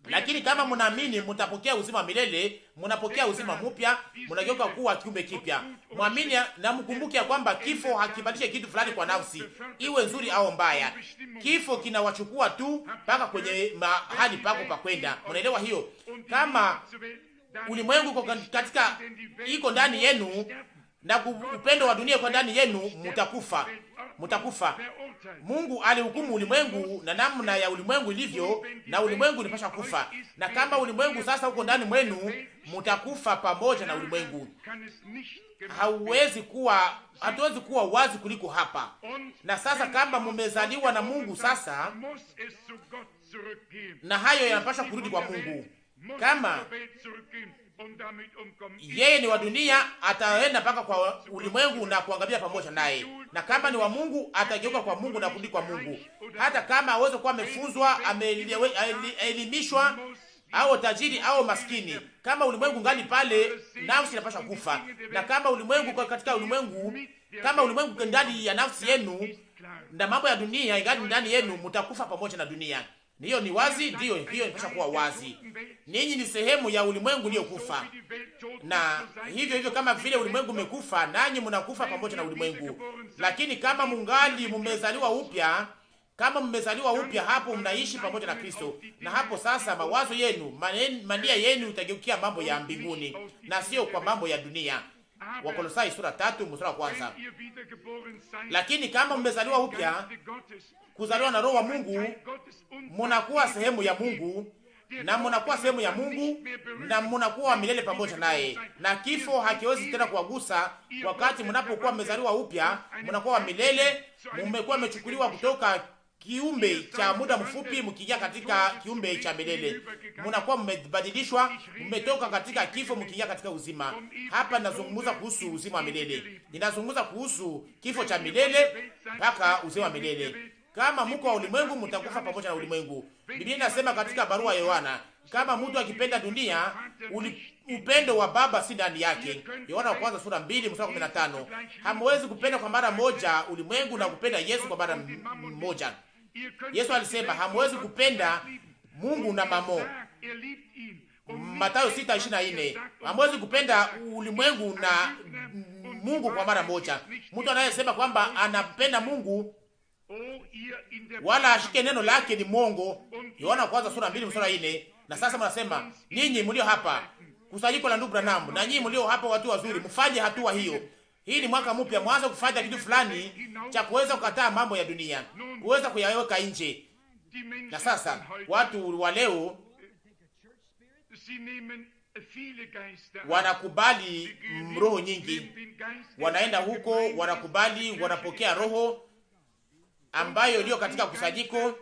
lakini kama mnaamini, mtapokea uzima wa milele, mnapokea uzima mpya, mnageuka kuwa kiumbe kipya. Mwamini na mkumbuke ya kwamba kifo hakibadilishi kitu fulani kwa nafsi, iwe nzuri au mbaya. Kifo kinawachukua tu mpaka kwenye mahali pako pa kwenda. Mnaelewa hiyo? Kama ulimwengu uko katika iko ndani yenu na upendo wa dunia kwa ndani yenu mutakufa, mutakufa. Mungu alihukumu ulimwengu na namna ya ulimwengu ilivyo, na ulimwengu ulipasha kufa, na kama ulimwengu sasa uko ndani mwenu, mutakufa pamoja na ulimwengu. Hauwezi kuwa, hatuwezi kuwa wazi kuliko hapa na sasa. Kama mumezaliwa na Mungu sasa, na hayo yanapaswa kurudi kwa Mungu kama yeye ni wa dunia, ataenda mpaka kwa ulimwengu na kuangamia pamoja naye, na kama ni wa Mungu atageuka kwa Mungu na kurudi kwa Mungu, hata kama aweze kuwa amefunzwa, ameelimishwa au tajiri au maskini, kama ulimwengu ngali pale, nafsi inapaswa kufa. Na kama ulimwengu katika ulimwengu, kama ulimwengu ndani ya nafsi yenu na mambo ya dunia ingali ndani yenu, mtakufa pamoja na dunia hiyo ni wazi, ndiyo hiyo inapaswa kuwa wazi. Ninyi ni sehemu ya ulimwengu uliokufa, na hivyo hivyo kama vile ulimwengu umekufa, nanyi mnakufa pamoja na ulimwengu. Lakini kama mungali mmezaliwa upya, kama mmezaliwa upya, hapo mnaishi pamoja na Kristo, na hapo sasa mawazo yenu, mania yenu itageukia mambo ya mbinguni na sio kwa mambo ya dunia. Wakolosai sura tatu mstari wa kwanza. Lakini kama mmezaliwa upya kuzaliwa na roho wa Mungu, munakuwa sehemu ya Mungu na munakuwa sehemu ya Mungu na munakuwa milele pamoja naye, na kifo hakiwezi tena kuwagusa. Wakati mnapokuwa mmezaliwa upya, munakuwa milele, mmekuwa mmechukuliwa kutoka kiumbe cha muda mfupi mkiingia katika kiumbe cha milele. Mnakuwa mmebadilishwa, mmetoka katika kifo mkiingia katika uzima. Hapa ninazungumza kuhusu uzima wa milele, ninazungumza kuhusu kifo cha milele mpaka uzima wa milele. Kama mko wa ulimwengu, mtakufa pamoja na ulimwengu. Biblia inasema katika barua ya Yohana, kama mtu akipenda dunia, uli, upendo wa Baba si ndani yake. Yohana wa kwanza sura 2 mstari 15. Hamwezi kupenda kwa mara moja ulimwengu na kupenda Yesu kwa mara moja. Yesu alisema hamwezi kupenda Mungu na mamo. Mathayo 6:24. Hamwezi kupenda ulimwengu na Mungu kwa mara moja. Mtu anayesema kwamba anapenda Mungu wala ashike neno lake ni mwongo. Yohana kwanza sura mbili mstari ine. Na sasa mnasema ninyi mlio hapa kusanyiko la ndugu Branham na nyinyi mlio hapa watu wazuri, mfanye hatua hiyo. Hii ni mwaka mpya, mwanzo kufanya kitu fulani cha kuweza kukataa mambo ya dunia, kuweza kuyaweka nje. Na sasa watu wa leo wanakubali roho nyingi, wanaenda huko, wanakubali, wanapokea roho ambayo iliyo katika kusajiko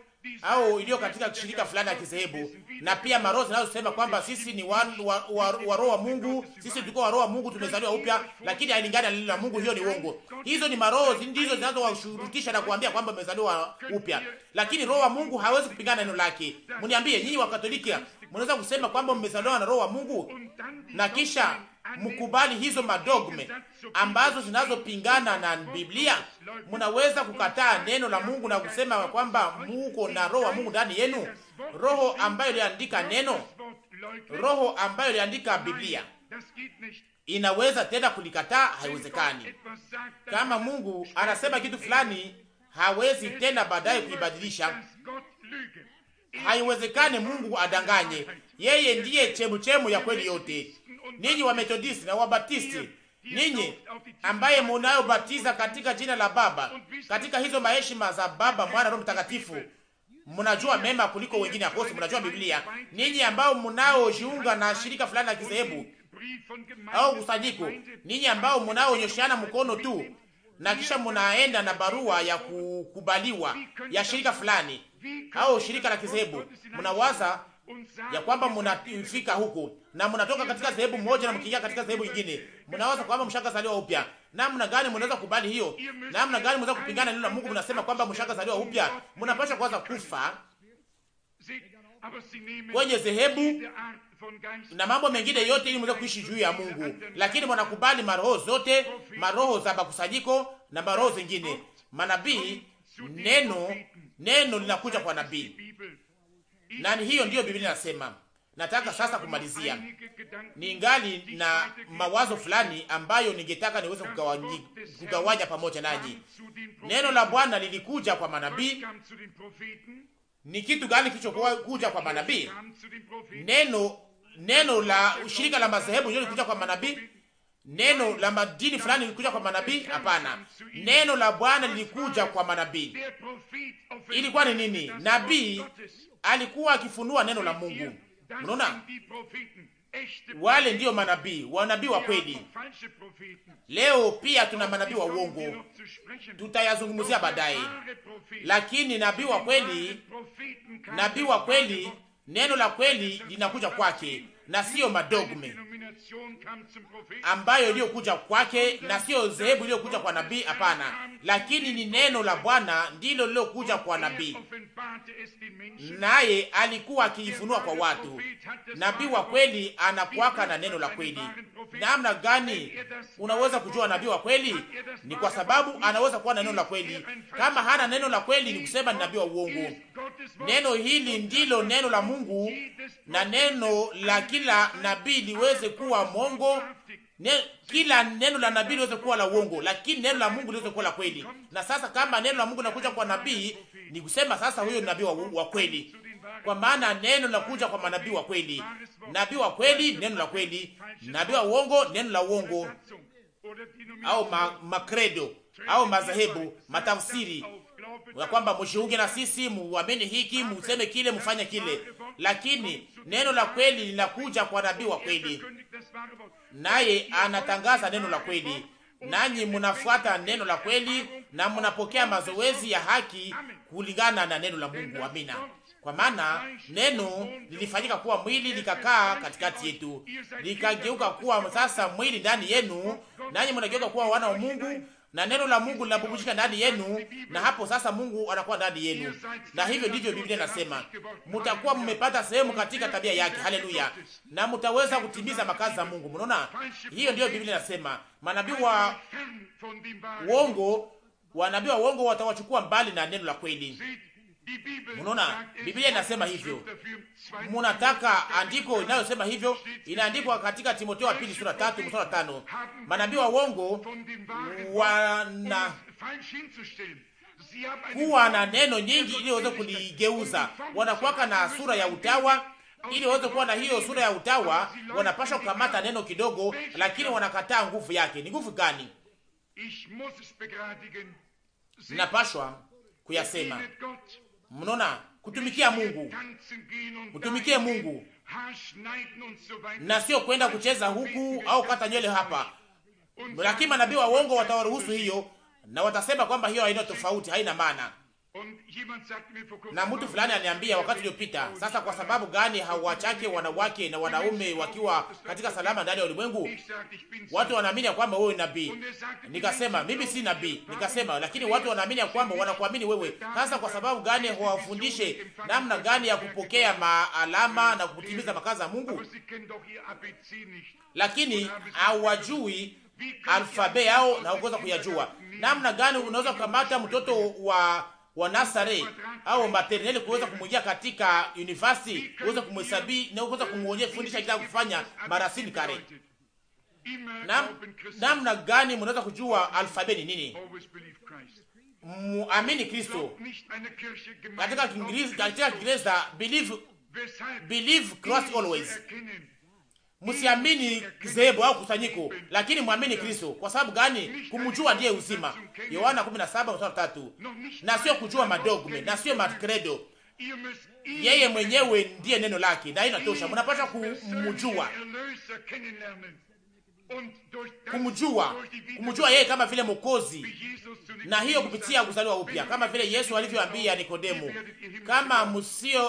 au iliyo katika shirika fulani ya kizehebu, na pia maroho zinazosema kwamba sisi ni wa, wa, wa, wa roho wa Mungu, sisi tulikuwa wa roho wa Mungu, tumezaliwa upya, lakini hailingani na lilo la Mungu. Hiyo ni uongo. Hizo ni maroho ndizo zinazowashurutisha na kuambia kwamba umezaliwa upya, lakini roho wa Mungu hawezi kupingana na neno lake. Mniambie nyinyi wa Katoliki, mnaweza kusema kwamba mmezaliwa na roho wa Mungu na kisha mkubali hizo madogme ambazo zinazopingana na Biblia. Mnaweza kukataa neno la Mungu na kusema kwamba muko na roho wa Mungu ndani yenu, roho ambayo iliandika neno, roho ambayo iliandika Biblia inaweza tena kulikataa? Haiwezekani. Kama Mungu anasema kitu fulani, hawezi tena baadaye kuibadilisha. Haiwezekani Mungu adanganye. Yeye ndiye chemchemu ya kweli yote ninyi wa Methodisti na Wabatisti, ninyi ambaye munayobatiza katika jina la Baba, katika hizo maheshima za Baba, Mwana, Roho Mtakatifu, mnajua mema kuliko wengine akosi, mnajua Biblia. Ninyi ambao mnaojiunga na shirika fulani la kizehebu au kusanyiko, ninyi ambao mnaonyoshana mkono tu na kisha munaenda na barua ya kukubaliwa ya shirika fulani au shirika la kizehebu, mnawaza ya kwamba mnafika huko na mnatoka katika sehemu moja na mkiingia katika sehemu nyingine, mnawaza kwamba mshaka zaliwa upya. Namna gani mnaweza kukubali hiyo? Namna gani mnaweza kupingana neno la Mungu? Mnasema kwamba mshaka zaliwa upya, mnapasha kwanza kufa kwenye sehemu na mambo mengine yote, ili mweze kuishi juu ya Mungu, lakini mnakubali maroho zote, maroho za makusanyiko na maroho zingine, manabii. Neno neno linakuja kwa nabii, na hiyo ndiyo Biblia inasema. Nataka sasa kumalizia, ningali na mawazo fulani ambayo ningetaka niweze kugawanya pamoja nanyi. Neno la Bwana lilikuja kwa manabii. Ni kitu gani kilichokuja kwa manabii? Neno neno la shirika la madhehebu ndio lilikuja kwa manabii? Neno la madini fulani lilikuja kwa manabii? Hapana, neno la Bwana lilikuja kwa manabii. Ilikuwa ni nini? Nabii alikuwa akifunua neno la Mungu Mnaona, wale ndiyo manabii, wanabii wa kweli. Leo pia tuna manabii wa uongo, tutayazungumzia baadaye, lakini nabii wa kweli, nabii wa kweli, neno la kweli linakuja kwake na siyo madogme ambayo iliyokuja kwake na siyo dhehebu iliyokuja kwa nabii. Hapana, lakini ni neno la Bwana ndilo lilokuja kwa nabii, naye alikuwa akiifunua kwa watu. Nabii wa kweli anakwaka na neno la kweli. Namna gani unaweza kujua nabii wa kweli? Ni kwa sababu anaweza kuwa na neno la kweli. Kama hana neno la kweli, ni kusema ni nabii wa uongo. Neno hili ndilo neno la Mungu na neno la kila nabii liweze kuwa mongo ne, kila neno la nabii liweze kuwa la uongo, lakini neno la Mungu liweze kuwa la kweli. Na sasa kama neno la Mungu linakuja kwa nabii, ni kusema sasa huyo nabii wa, wa kweli, kwa maana neno linakuja kwa manabii wa kweli. Nabii wa kweli, neno la kweli. Nabii wa uongo, neno la uongo, au makredo au madhehebu, matafsiri ya kwamba mshiunge na sisi, muamini hiki, museme kile, mfanye kile, lakini neno la kweli linakuja kwa nabii wa kweli, naye anatangaza neno la kweli, nanyi mnafuata neno la kweli na mnapokea mazoezi ya haki kulingana na neno la Mungu. Amina. Kwa maana neno lilifanyika kuwa mwili likakaa katikati yetu, likageuka kuwa sasa mwili ndani yenu, nanyi mnageuka kuwa wana wa Mungu na neno la Mungu linapumzika ndani yenu, na hapo sasa Mungu anakuwa ndani yenu, na hivyo ndivyo Biblia inasema, mtakuwa mmepata sehemu katika tabia yake. Haleluya! na mtaweza kutimiza makazi za Mungu. Mnaona, hiyo ndiyo Biblia inasema. Manabii wa uongo, wanabii wa uongo watawachukua mbali na neno la kweli. Unaona, Biblia inasema hivyo. Munataka andiko inayosema hivyo, inaandikwa katika Timotheo wa pili sura tatu mstari wa tano. Manabii wa uongo wana kuwa na neno nyingi ili waweze kuligeuza, wanakuwaka na sura ya utawa ili waweze kuwa na hiyo sura ya utawa. wanapaswa kukamata neno kidogo, lakini wanakataa nguvu yake. Ni nguvu gani? Ninapashwa kuyasema Mnaona, kutumikia Mungu, mtumikie Mungu na sio kwenda kucheza huku au kata nywele hapa. Lakini manabii wa uongo watawaruhusu hiyo, na watasema kwamba hiyo haina tofauti, haina maana. Na mtu fulani aliambia wakati uliopita, sasa kwa sababu gani hawachake wanawake na wanaume wakiwa katika salama ndani ya ulimwengu? Watu wanaamini ya kwamba wewe nabii. Er nikasema mimi si nabii, nikasema lakini watu wanaamini ya kwamba wanakuamini wewe. Sasa kwa sababu er gani huwafundishe namna gani ya er kupokea maalama na kutimiza makazi ya Mungu? Lakini hawajui alfabe yao na kuyajua namna gani unaweza kukamata mtoto wa wa nasare au materneli kuweza kumwingia katika university kuweza kumhesabi na kuweza kumwonyesha fundisha kila kufanya marasini kare nam namna gani mnaweza kujua alfabeti nini muamini Kristo katika Kiingereza, katika Kiingereza believe believe Christ always Msiamini kizehebu au kusanyiko, lakini mwamini Kristo. Kwa sababu gani? Kumjua ndiye uzima, Yohana 17:3, na sio kujua madogme na sio makredo. Yeye mwenyewe ndiye neno lake, na inatosha. Mnapaswa kumjua kumjua, kumjua yeye kama vile mokozi na hiyo kupitia kuzaliwa upya, kama vile Yesu alivyoambia Nikodemo, kama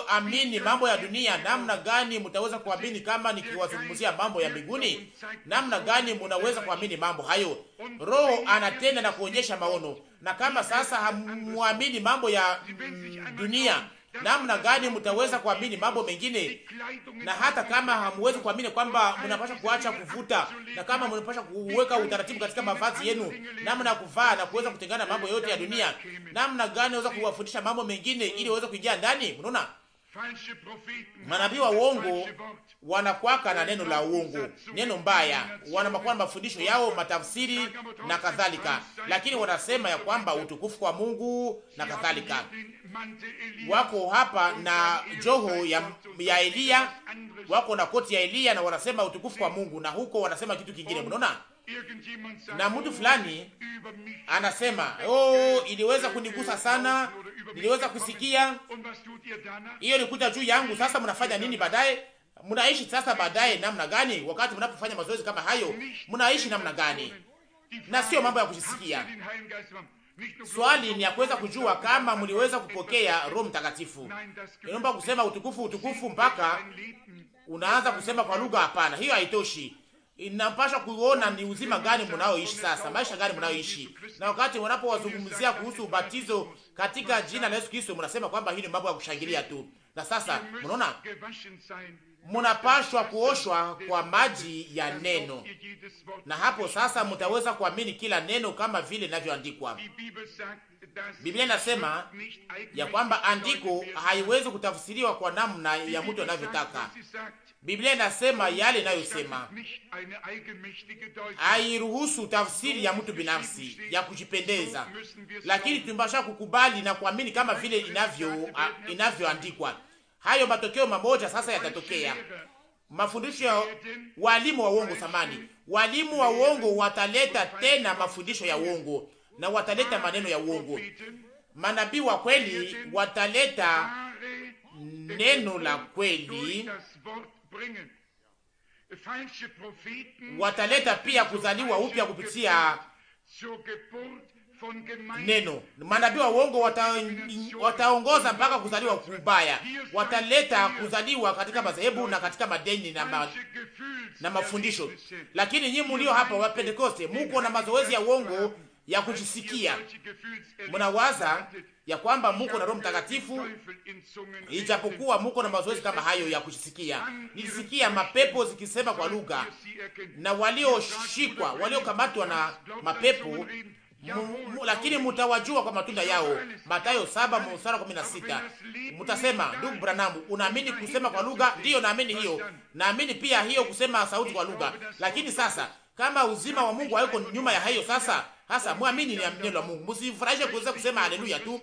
amini mambo ya dunia, namna gani mtaweza kuamini kama nikiwazungumzia mambo ya mbinguni? Namna gani mnaweza kuamini mambo hayo? Roho anatenda na kuonyesha maono, na kama sasa hamwamini mambo ya mm, dunia namna gani mtaweza kuamini mambo mengine? Na hata kama hamwezi kuamini kwamba mnapasha kuacha kuvuta, na kama mnapasha kuweka utaratibu katika mavazi yenu, namna ya kuvaa na kuweza kutengana mambo yote ya dunia, namna gani waweza kuwafundisha mambo mengine ili waweze kuingia ndani? Unaona? Manabii wa uongo wanakwaka na neno la uongo, neno mbaya, wanamakuwa na mafundisho yao, matafsiri na kadhalika, lakini wanasema ya kwamba utukufu kwa Mungu na kadhalika. Wako hapa na joho ya, ya Eliya, wako na koti ya Eliya na wanasema utukufu kwa Mungu, na huko wanasema kitu kingine. Mnaona na mtu fulani anasema oh, iliweza kunigusa sana, niliweza kusikia hiyo, ilikuja juu yangu. Sasa mnafanya nini baadaye? Mnaishi sasa baadaye namna gani? Wakati mnapofanya mazoezi kama hayo, mnaishi namna gani? Na sio mambo ya kujisikia. Swali ni ya kuweza kujua kama mliweza kupokea Roho Mtakatifu. Inaomba kusema utukufu, utukufu mpaka unaanza kusema kwa lugha? Hapana, hiyo haitoshi inapasha kuona ni uzima gani mnaoishi sasa, maisha gani mnaoishi. Na wakati wanapowazungumzia kuhusu ubatizo katika jina la Yesu Kristo, mnasema kwamba hii ni mambo ya kushangilia tu. Na sasa mnaona, mnapashwa kuoshwa kwa maji ya neno, na hapo sasa mtaweza kuamini kila neno kama vile linavyoandikwa. Biblia inasema ya kwamba andiko haiwezi kutafsiriwa kwa namna ya mtu anavyotaka. Biblia inasema yale inayosema, hairuhusu tafsiri ya mtu binafsi ya kujipendeza, lakini tumbasha kukubali na kuamini kama vile inavyo inavyoandikwa. Hayo matokeo mamoja sasa yatatokea. Mafundisho ya walimu wa uongo samani, walimu wa uongo wataleta tena mafundisho ya uongo na wataleta maneno ya uongo. Manabii wa kweli wataleta neno la kweli wataleta pia kuzaliwa upya kupitia neno. Manabii wa uongo wata, wataongoza mpaka kuzaliwa kubaya, wataleta kuzaliwa katika madhehebu na katika madeni na, ma, na mafundisho. Lakini nyinyi mlio hapa wa Pentekoste muko na mazoezi ya uongo ya kujisikia, mnawaza ya kwamba muko na Roho Mtakatifu, ijapokuwa muko na mazoezi kama hayo ya kusikia. Nilisikia mapepo zikisema kwa lugha, na walioshikwa waliokamatwa na mapepo lakini mutawajua kwa matunda yao. Mathayo saba mstari kumi na sita. Mutasema, ndugu Branamu, unaamini kusema kwa lugha? Ndiyo, naamini hiyo, naamini pia hiyo kusema sauti kwa lugha. Lakini sasa kama uzima wa Mungu haiko nyuma ya hayo, sasa sasa mwamini ni neno la Mungu, msifurahishe kuweza kusema haleluya tu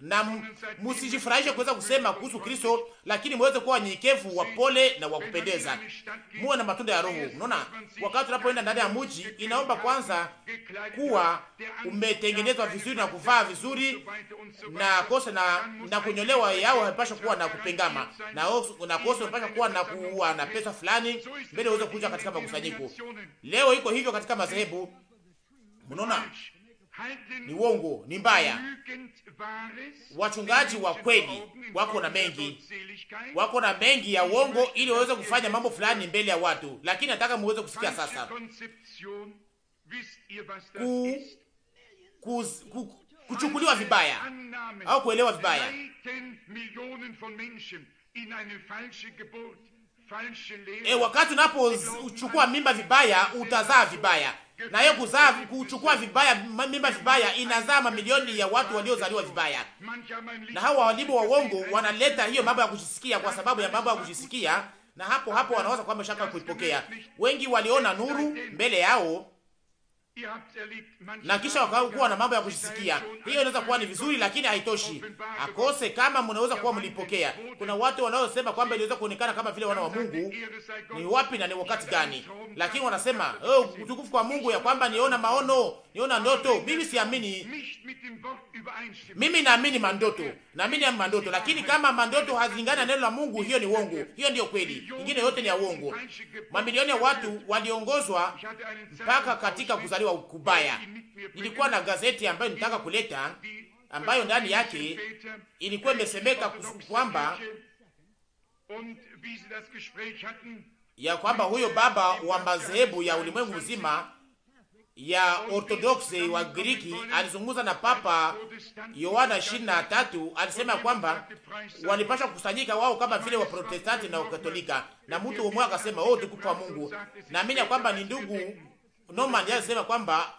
na msijifurahishe kuweza kusema kuhusu Kristo, lakini muweze kuwa wanyenyekevu, wapole na wakupendeza, muwe na matunda ya Roho. Unaona, wakati tunapoenda ndani ya mji, inaomba kwanza kuwa umetengenezwa vizuri na kuvaa vizuri, na kose na, na kunyolewa yao haipasha kuwa na kupengama, na, na kosa unapasha kuwa na kuwa na pesa fulani mbele uweze kuja katika makusanyiko. Leo iko hivyo katika madhehebu Mnaona, ni uongo, ni mbaya. Wachungaji wa kweli wako na mengi, wako na mengi ya uongo, ili waweze kufanya mambo fulani mbele ya watu, lakini nataka muweze kusikia sasa ku, ku, ku, kuchukuliwa vibaya au kuelewa vibaya E, wakati unapochukua mimba vibaya utazaa vibaya na hiyo kuzaa kuchukua vibaya mimba vibaya inazaa mamilioni ya watu waliozaliwa vibaya, na hawa walimu wa uongo wanaleta hiyo mambo ya kujisikia, kwa sababu ya mambo ya kujisikia, na hapo hapo wanawaza kwamba shaka kuipokea. Wengi waliona nuru mbele yao na kisha wakakuwa na mambo ya kujisikia. Hiyo inaweza kuwa ni vizuri, lakini haitoshi akose kama mnaweza kuwa mlipokea. Kuna watu wanaosema kwamba iliweza kuonekana kama vile wana wa Mungu ni wapi na ni wakati gani, lakini wanasema oh, utukufu kwa Mungu ya kwamba niona maono, niona ndoto. Mimi siamini, mimi naamini mandoto, naamini mandoto, lakini kama mandoto hazilingani na neno la Mungu, hiyo ni uongo. Hiyo ndiyo kweli, ingine yote ni ya uongo. Mamilioni ya watu waliongozwa mpaka katika kuzaliwa wa ukubaya. Nilikuwa na gazeti ambayo nitaka kuleta ambayo ndani yake ilikuwa imesemeka kwamba ya kwamba huyo baba wa madhehebu ya ulimwengu mzima ya Orthodoxe wa Griki alizungumza na Papa Yohana ishirini tatu. Alisema kwamba walipaswa kukusanyika wao kama vile wa Protestanti na Wakatolika, na mtu mmoja akasema oh, tukufu Mungu. Naamini kwamba ni ndugu Norman yasema kwamba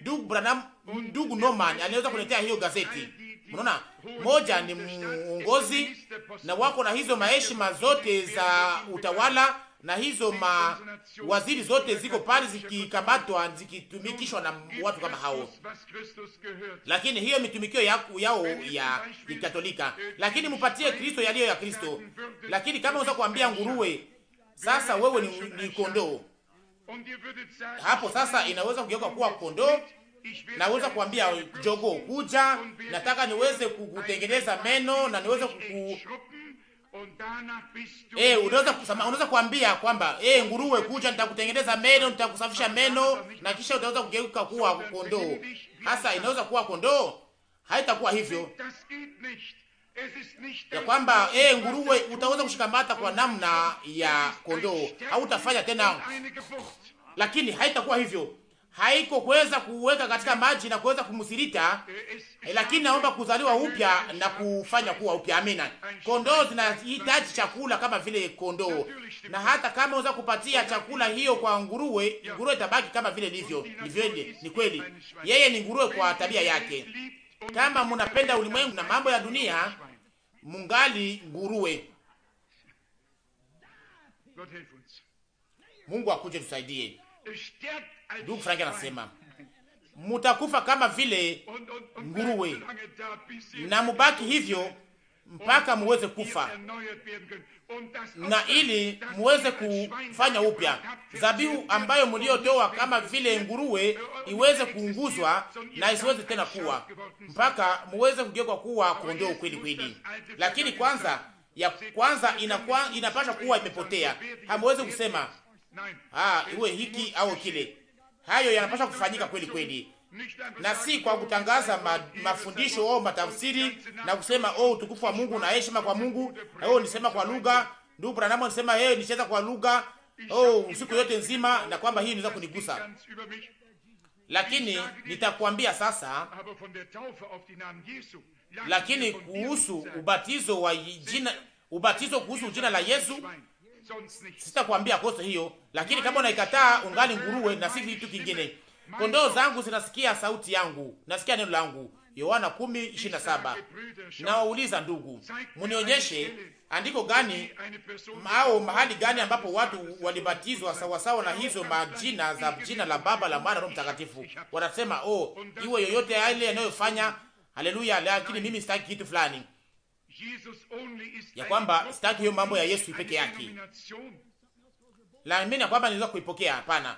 ndugu Branham, ndugu Norman anaweza kuletea hiyo gazeti. Unaona, moja ni muongozi na wako na hizo maheshima zote za utawala na hizo ma waziri zote ziko pale zikikamatwa zikitumikishwa na watu kama hao, lakini hiyo mitumikio ya, yao ya Katolika, lakini mupatie Kristo yaliyo ya Kristo. Lakini kama unaweza kuambia nguruwe, sasa wewe ni, ni kondoo hapo sasa inaweza kugeuka kuwa kondoo. Naweza kuambia jogo kuja, nataka niweze kukutengeneza meno na niweze kuku Eh, unaweza kusema unaweza kuambia kwamba eh, nguruwe kuja, nitakutengeneza meno, nitakusafisha meno na kisha utaweza kugeuka kuwa kondoo. Hasa inaweza kuwa kondoo? Haitakuwa hivyo ya kwamba eh, nguruwe utaweza kushikamata kwa namna ya kondoo, au utafanya tena, lakini haitakuwa hivyo, haiko kuweza kuweka katika hm. maji na kuweza kumsirita, eh, eh, lakini naomba kuzaliwa upya na kufanya kuwa upya. Amina. Kondoo zinahitaji chakula kama vile kondoo, na hata kama unaweza kupatia hm. chakula hiyo kwa nguruwe, nguruwe tabaki kama vile livyo vile Ni kweli, yeye ni nguruwe kwa tabia er yake. Kama mnapenda ulimwengu na mambo ya dunia mungali nguruwe. Mungu akuje tusaidie. Ndugu Frank anasema mutakufa kama vile nguruwe na mubaki hivyo mpaka muweze kufa na ili muweze kufanya upya zabihu ambayo mliotoa kama vile nguruwe iweze kuunguzwa na isiweze tena kuwa mpaka muweze kugeuka kuwa kondoo kweli kweli. Lakini kwanza ya kwanza inakuwa, inapasha kuwa imepotea. Hamwezi kusema ah, iwe hiki au kile. Hayo yanapasha kufanyika kweli kweli na si kwa kutangaza ma, mafundisho au oh, matafsiri na kusema oh, utukufu wa Mungu na heshima kwa Mungu. Oh, nisema kwa lugha, ndugu Branham alisema yeye nicheza kwa lugha oh, usiku yote nzima, na kwamba hii inaweza kunigusa. Lakini nitakwambia sasa, lakini kuhusu ubatizo wa jina, ubatizo kuhusu jina la Yesu sitakwambia kosa hiyo, lakini kama unaikataa ungali nguruwe na si kitu kingine. Kondoo zangu zinasikia sauti yangu, nasikia neno langu. Yohana 10:27. Nawauliza ndugu, mnionyeshe andiko gani au mahali gani ambapo watu walibatizwa sawasawa na hizo majina za jina la Baba, la Mwana, Roho Mtakatifu. Wanasema oh, iwe yoyote yale yanayofanya, haleluya, lakini mimi sitaki kitu fulani, ya kwamba sitaki hiyo mambo ya Yesu peke yake, la mimi na kwamba niweza kuipokea. Hapana.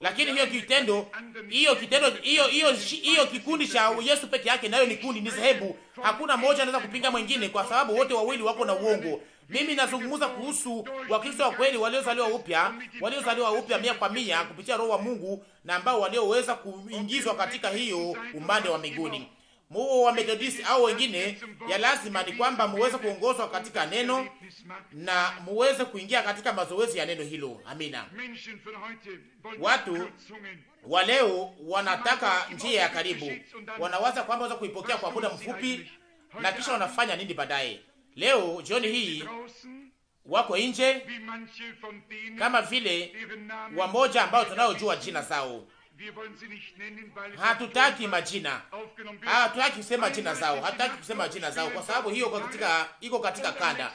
Lakini hiyo kitendo, hiyo kitendo, hiyo hiyo hiyo kikundi cha Yesu peke yake, nayo ni kundi, ni dhehebu. Hakuna mmoja anaweza kupinga mwingine, kwa sababu wote wawili wako na uongo. Mimi nazungumza kuhusu Wakristo wa kweli waliozaliwa upya, waliozaliwa upya mia kwa mia kupitia Roho wa Mungu na ambao walioweza kuingizwa katika hiyo umande wa mbinguni muwe wa Methodisti au wengine, ya lazima ni kwamba muweze kuongozwa katika neno na muweze kuingia katika mazoezi ya neno hilo. Amina. Watu wa leo wanataka njia ya karibu, wanawaza kwamba waweza kuipokea kwa muda mfupi na kisha wanafanya nini baadaye. Leo jioni hii wako nje kama vile wamoja ambao tunayojua jina zao Hatutaki majina, hatutaki kusema jina zao, hatutaki kusema jina zao, kwa sababu hiyo katika, iko katika kanda.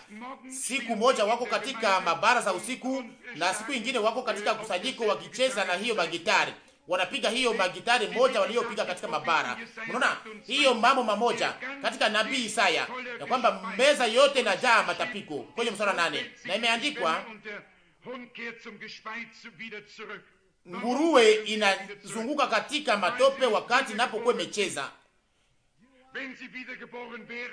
Siku moja wako katika mabara za usiku, na siku ingine wako katika äh, kusanyiko wakicheza na hiyo magitari, wanapiga hiyo magitari moja waliyopiga katika mabara. Unaona hiyo mambo mamoja katika nabii Isaya ya kwamba meza yote inajaa matapiko kwenye msura nane, na imeandikwa nguruwe inazunguka katika matope wakati inapokuwa imecheza.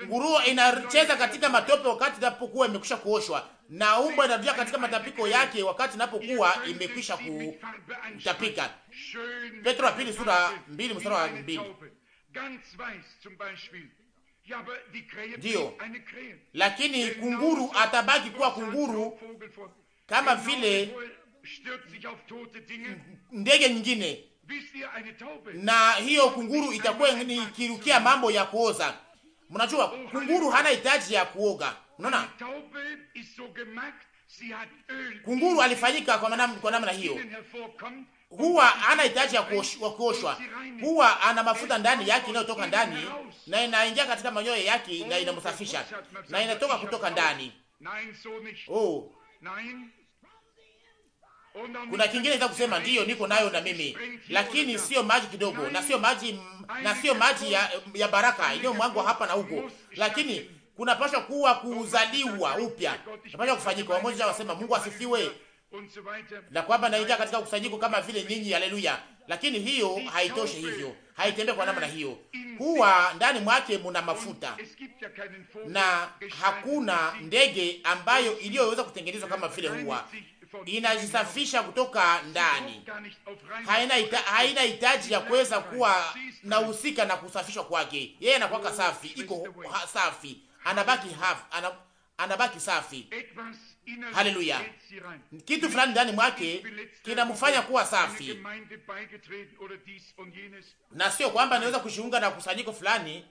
Nguruwe inacheza katika matope wakati inapokuwa imekwisha kuoshwa, na umbo inarudia katika matapiko yake wakati inapokuwa imekwisha kutapika. Petro wa pili sura mbili mstari wa mbili. Ndiyo, lakini kunguru atabaki kuwa kunguru kama vile ndege nyingine, na hiyo kunguru itakuwa ni kirukia mambo ya kuoza. Mnajua oh, kunguru hana hitaji ya kuoga. Unaona, kunguru alifanyika kwa namna kwa namna hiyo, huwa hana hitaji ya kuoshwa, huwa ana mafuta ndani yake inayotoka ndani na inaingia katika manyoya yake na oh, inamsafisha na inatoka kutoka ndani. Oh. Kuna kingine za kusema ndiyo, niko nayo na mimi, lakini sio maji kidogo, na sio maji na sio maji ya, ya baraka iliyomwangwa hapa na huko, lakini kunapaswa kuwa kuzaliwa upya, kunapaswa kufanyika. Wamoja wasema Mungu asifiwe na kwamba naingia katika kusanyiko kama vile nyinyi, haleluya. Lakini hiyo haitoshi, hivyo haitembee kwa namna hiyo. Huwa ndani mwake muna mafuta, na hakuna ndege ambayo iliyoweza kutengenezwa kama vile huwa inajisafisha kutoka ndani, haina ita, haina hitaji ya kuweza kuwa na husika na kusafishwa kwake. Yeye anakuwa safi, iko safi, anabaki haf, anab, anabaki safi. Haleluya! Kitu fulani ndani mwake kinamfanya kuwa safi, na sio kwamba anaweza kujiunga na kusanyiko fulani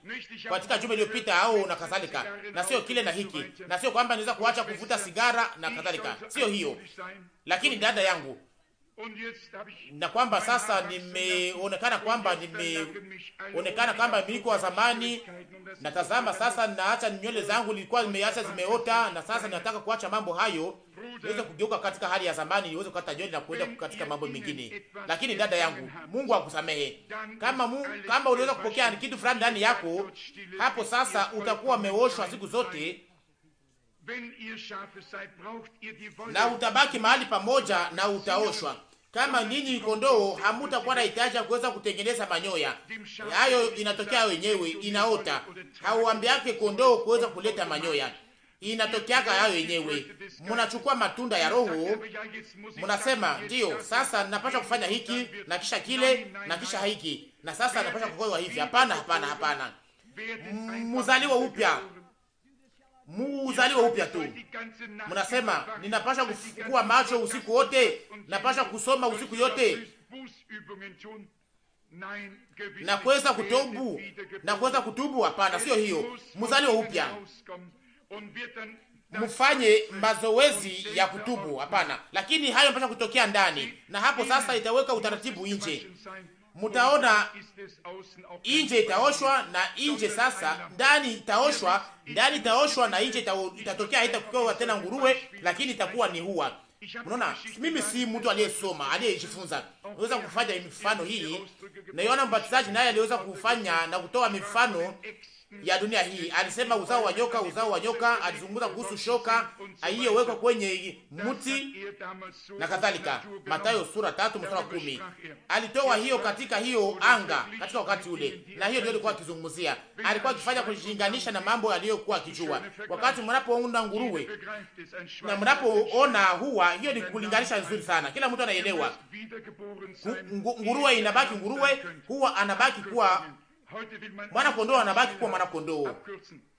katika juma iliyopita au na kadhalika, na sio kile na hiki, na sio kwamba anaweza kuacha kuvuta sigara na kadhalika, sio hiyo. Lakini dada yangu, na kwamba sasa nimeonekana kwamba nimeonekana kwamba miko wa zamani. Natazama sasa, naacha nywele zangu nilikuwa nimeacha zimeota, na sasa ninataka kuacha mambo hayo niweze kugeuka katika hali ya zamani, niweze kukata nywele na kuenda katika mambo mengine. Lakini dada yangu, Mungu akusamehe kama mu, kama uliweza kupokea kitu fulani ndani yako, hapo sasa utakuwa umeoshwa siku zote na utabaki mahali pamoja na utaoshwa kama ninyi kondoo, hamutakuwa na hitaji ya kuweza kutengeneza manyoya hayo, inatokea wenyewe, inaota. Hauambiake kondoo kuweza kuleta manyoya, inatokeaka hayo yenyewe. Mnachukua matunda ya Roho, mnasema ndiyo, sasa napasha kufanya hiki na kisha kile na kisha hiki na sasa napasha kukoiwa hivi. Hapana, hapana, hapana, muzaliwa upya muuzaliwe upya tu. Mnasema ninapasha kuwa macho usiku wote, napasha kusoma usiku yote na kuweza kutubu na kuweza kutubu? Hapana, sio hiyo. Muzaliwe upya, mfanye mazoezi ya kutubu? Hapana, lakini hayo mpasha kutokea ndani, na hapo sasa itaweka utaratibu nje mutaona nje itaoshwa na nje sasa, ndani itaoshwa, ndani itaoshwa na nje itatokea, haitakuwa tena nguruwe, lakini itakuwa ni hua. Unaona, mimi si mtu aliyesoma aliyejifunza, naweza kufanya mifano hii Naiona Mbatizaji naye aliweza kufanya na kutoa mifano ya dunia hii. Alisema uzao wa nyoka, uzao wa nyoka, alizungumza kuhusu shoka aliyowekwa kwenye mti na kadhalika, Mathayo sura tatu mstari wa kumi. Alitoa hiyo katika hiyo anga katika wakati ule, na hiyo ndio alikuwa akizungumzia. Alikuwa akifanya kujilinganisha na mambo aliyokuwa akijua. Wakati mnapoona nguruwe na mnapoona huwa, hiyo ni kulinganisha nzuri sana, kila mtu anaelewa. Nguruwe inabaki nguruwe, huwa anabaki kuwa Mwana kondoo anabaki kuwa mwana kondoo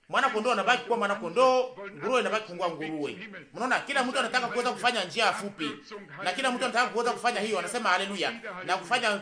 mwana kondoo anabaki kuwa mwana kondoo, nguruwe anabaki kuwa nguruwe. Mnaona, kila mtu anataka kuweza kufanya njia fupi, na kila mtu anataka kuweza kufanya hiyo, anasema haleluya na kufanya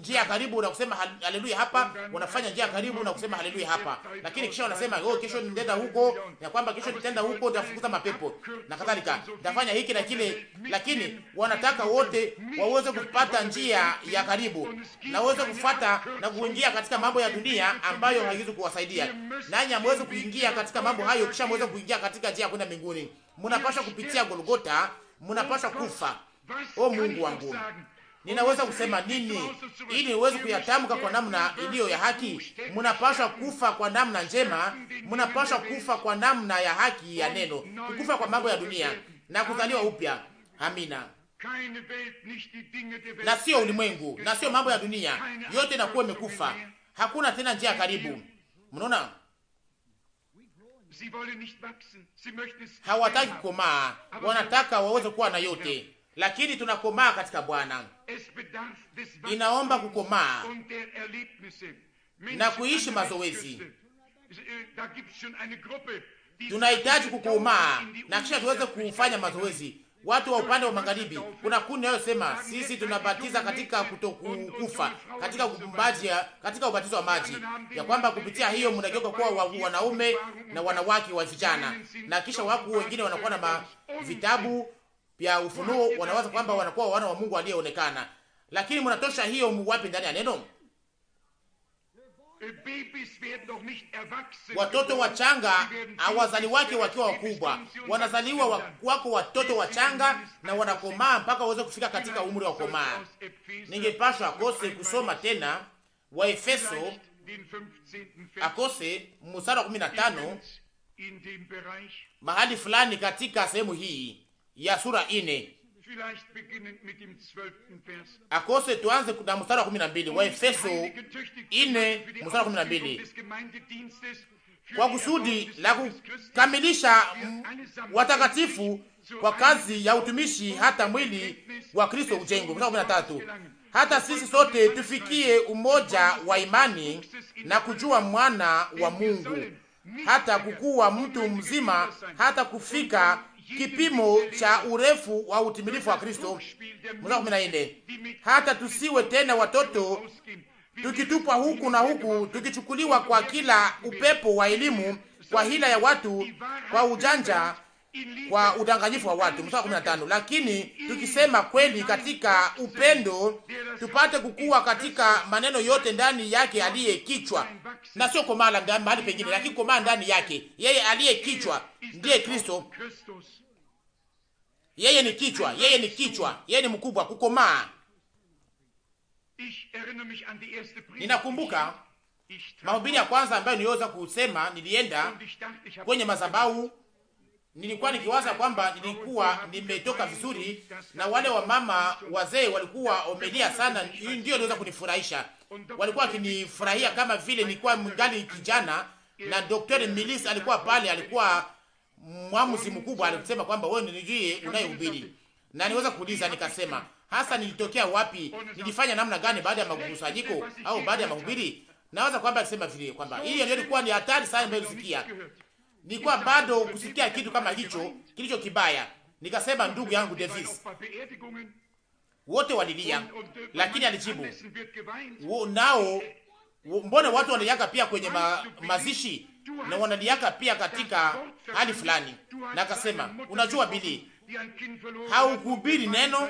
njia karibu na kusema haleluya hapa, wanafanya njia karibu na kusema haleluya hapa, lakini kisha wanasema oh, kesho nitaenda huko, na kwamba kesho nitaenda huko, nitafukuza mapepo na kadhalika, nitafanya hiki na kile, lakini wanataka wote waweze kupata njia ya karibu na waweze kufuata na kuingia katika mambo ya dunia ambayo haiwezi kuwasaidia, nani, hamwezi kuingia katika mambo hayo, kisha mweza kuingia katika njia ya kwenda mbinguni. Mnapaswa kupitia Golgota, mnapaswa kufa. O Mungu wangu, ninaweza kusema nini ili niweze kuyatamka kwa namna iliyo ya haki? Mnapaswa kufa kwa namna njema, mnapaswa kufa kwa namna ya haki ya neno, kufa kwa mambo ya dunia na kuzaliwa upya. Amina. Na sio ulimwengu na sio mambo ya dunia, yote inakuwa imekufa. Hakuna tena njia karibu. Mnaona? hawataki kukomaa, wanataka waweze kuwa na yote, lakini tunakomaa katika Bwana. Inaomba kukomaa na kuishi mazoezi, äh, tunahitaji kukomaa na kisha tuweze kufanya mazoezi watu wa upande wa magharibi, kuna kundi inayosema sisi tunabatiza katika kutokufa, katika kubaji, katika ubatizo wa maji, ya kwamba kupitia hiyo mnageuka kuwa wa, wanaume na wanawake wa vijana, na kisha wako wengine wanakuwa na vitabu vya ufunuo, wanawaza kwamba wanakuwa wana wa Mungu aliyeonekana, lakini mnatosha hiyo muwapi ndani ya neno Watoto wachanga wake wakiwa wakubwa, wanazaliwa wako watoto wachanga na wanakomaa mpaka waweze kufika katika umri wa komaa. Ningepashwa akose kusoma tena Waefeso akose mstari wa kumi na tano mahali fulani katika sehemu hii ya sura ine akose tuanze na mstari wa kumi na mbili wa Efeso ine mstari wa kumi na mbili kwa kusudi la kukamilisha watakatifu kwa kazi ya utumishi hata mwili wa Kristo ujengwe. Mstari wa tatu hata sisi sote tufikie umoja wa imani na kujua mwana wa Mungu, hata kukuwa mtu mzima, hata kufika kipimo cha urefu wa utimilifu wa Kristo. Mstari 14, hata tusiwe tena watoto tukitupwa huku na huku, tukichukuliwa kwa kila upepo wa elimu, kwa hila ya watu, kwa ujanja, kwa udanganyifu wa watu. Mstari 15, lakini tukisema kweli katika upendo, tupate kukua katika maneno yote ndani yake aliye kichwa, na sio kwa mahali pengine, lakini komaa ndani yake yeye aliye kichwa ndiye Kristo yeye ni kichwa, yeye ni kichwa, yeye ni mkubwa, kukomaa. Ninakumbuka mahubiri ya kwanza ambayo niliweza kusema, nilienda kwenye mazabau, nilikuwa nikiwaza kwamba nilikuwa nimetoka vizuri, na wale wa mama wazee walikuwa omelia sana, hiyo ndio iliweza kunifurahisha. Walikuwa wakinifurahia kama vile nilikuwa mngali kijana, na Daktari Milis alikuwa pale, alikuwa mwamuzi mkubwa alisema kwamba wewe nijui unayehubiri, na niweza kuuliza nikasema, hasa nilitokea wapi, nilifanya namna gani baada ya makusanyiko au baada ya mahubiri? Naweza kwamba alisema vile kwamba hiyo ndio ilikuwa ni hatari sana mbele usikia. nilikuwa bado kusikia kitu kama hicho kilicho kibaya. Nikasema, ndugu yangu Davis, wote walilia, lakini alijibu nao, mbona watu wanaliaka pia kwenye ma, mazishi na wanaliaka pia katika hali fulani, na akasema, unajua Bili, haukuhubiri neno,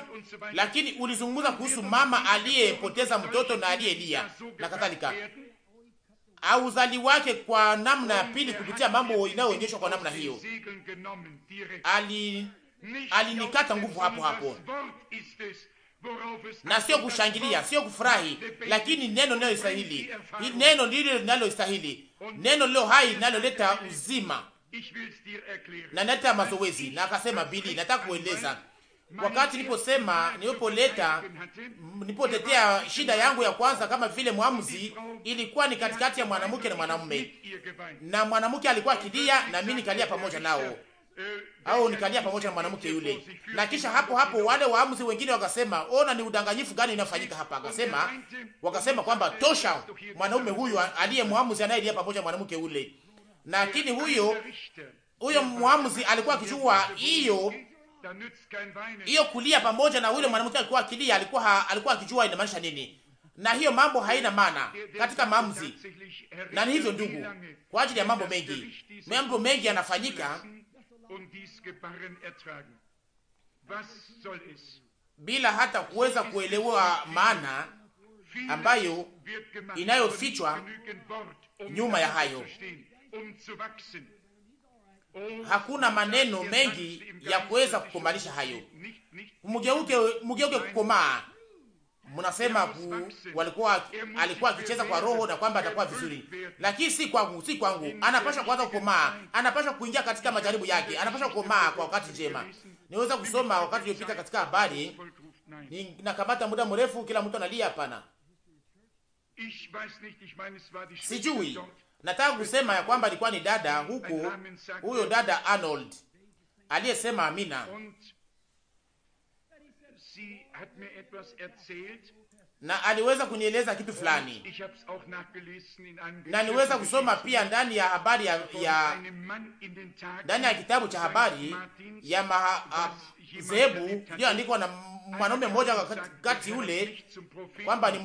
lakini ulizungumza kuhusu mama aliyepoteza mtoto na aliyelia na kadhalika, au uzali wake kwa namna ya pili kupitia mambo inayoonyeshwa kwa namna hiyo. Ali alinikata nguvu hapo hapo, na sio kushangilia, sio kufurahi, lakini neno linalo istahili, neno ndilo linalo istahili neno lilo hai naloleta uzima na naleta mazoezi. Na akasema bidii, nataka kueleza wakati niliposema, nilipoleta, nilipotetea shida yangu ya kwanza kama vile mwamuzi, ilikuwa ni katikati ya mwanamke na mwanamume, na mwanamke alikuwa akilia na mimi nikalia pamoja nao. Eh, au nikalia pamoja na mwanamke yule. Na kisha hapo hapo wale waamuzi wengine wakasema, ona ni udanganyifu gani inafanyika hapa. Akasema, wakasema kwamba tosha, mwanaume huyu aliye muamuzi anayelia pamoja na mwanamke yule. Lakini huyo huyo muamuzi alikuwa akijua hiyo hiyo kulia pamoja na yule mwanamke alikuwa akilia, alikuwa ha, alikuwa akijua inamaanisha nini, na hiyo mambo haina maana katika maamuzi. Na ni hivyo ndugu, kwa ajili ya mambo mengi, mambo mengi yanafanyika bila hata kuweza kuelewa maana ambayo inayofichwa um nyuma ya hayo. Um oh, Hakuna maneno mengi ya kuweza kukomalisha hayo. Mugeuke, mugeuke kukomaa mnasema ku, walikuwa alikuwa akicheza kwa roho na kwamba atakuwa vizuri, lakini si kwangu, si kwangu. Anapaswa kuanza kukomaa, anapaswa kuingia katika majaribu yake, anapaswa kukomaa kwa wakati njema. Niweza kusoma wakati uliopita katika habari, nakamata muda mrefu, kila mtu analia. Hapana, sijui nataka kusema ya kwamba alikuwa ni dada huku, huyo dada Arnold aliyesema amina na aliweza kunieleza kitu fulani, na niweza kusoma pia ndani ya habari ya, ya ndani ya kitabu cha habari ya madhehebu ah, iliyoandikwa na mwanaume mmoja wakati ule kwamba ni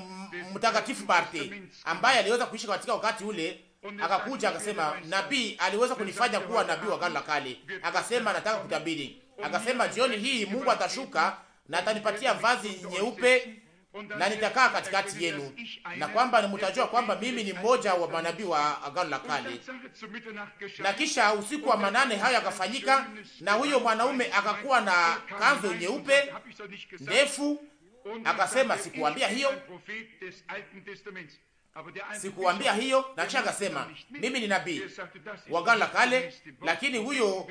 mtakatifu Marte ambaye aliweza kuishi katika wakati ule akakuja akasema, nabii aliweza kunifanya kuwa nabii wa gano la kale. Akasema nataka kutabiri, akasema jioni hii Mungu atashuka na atanipatia vazi nyeupe na nitakaa katikati yenu, na kwamba mutajua kwamba mimi ni mmoja wa manabii wa Agano la Kale. Na kisha usiku wa manane hayo akafanyika na huyo mwanaume akakuwa na kanzo nyeupe ndefu, akasema sikuambia hiyo, sikuambia hiyo. Na kisha akasema mimi ni nabii wa Agano la Kale, lakini huyo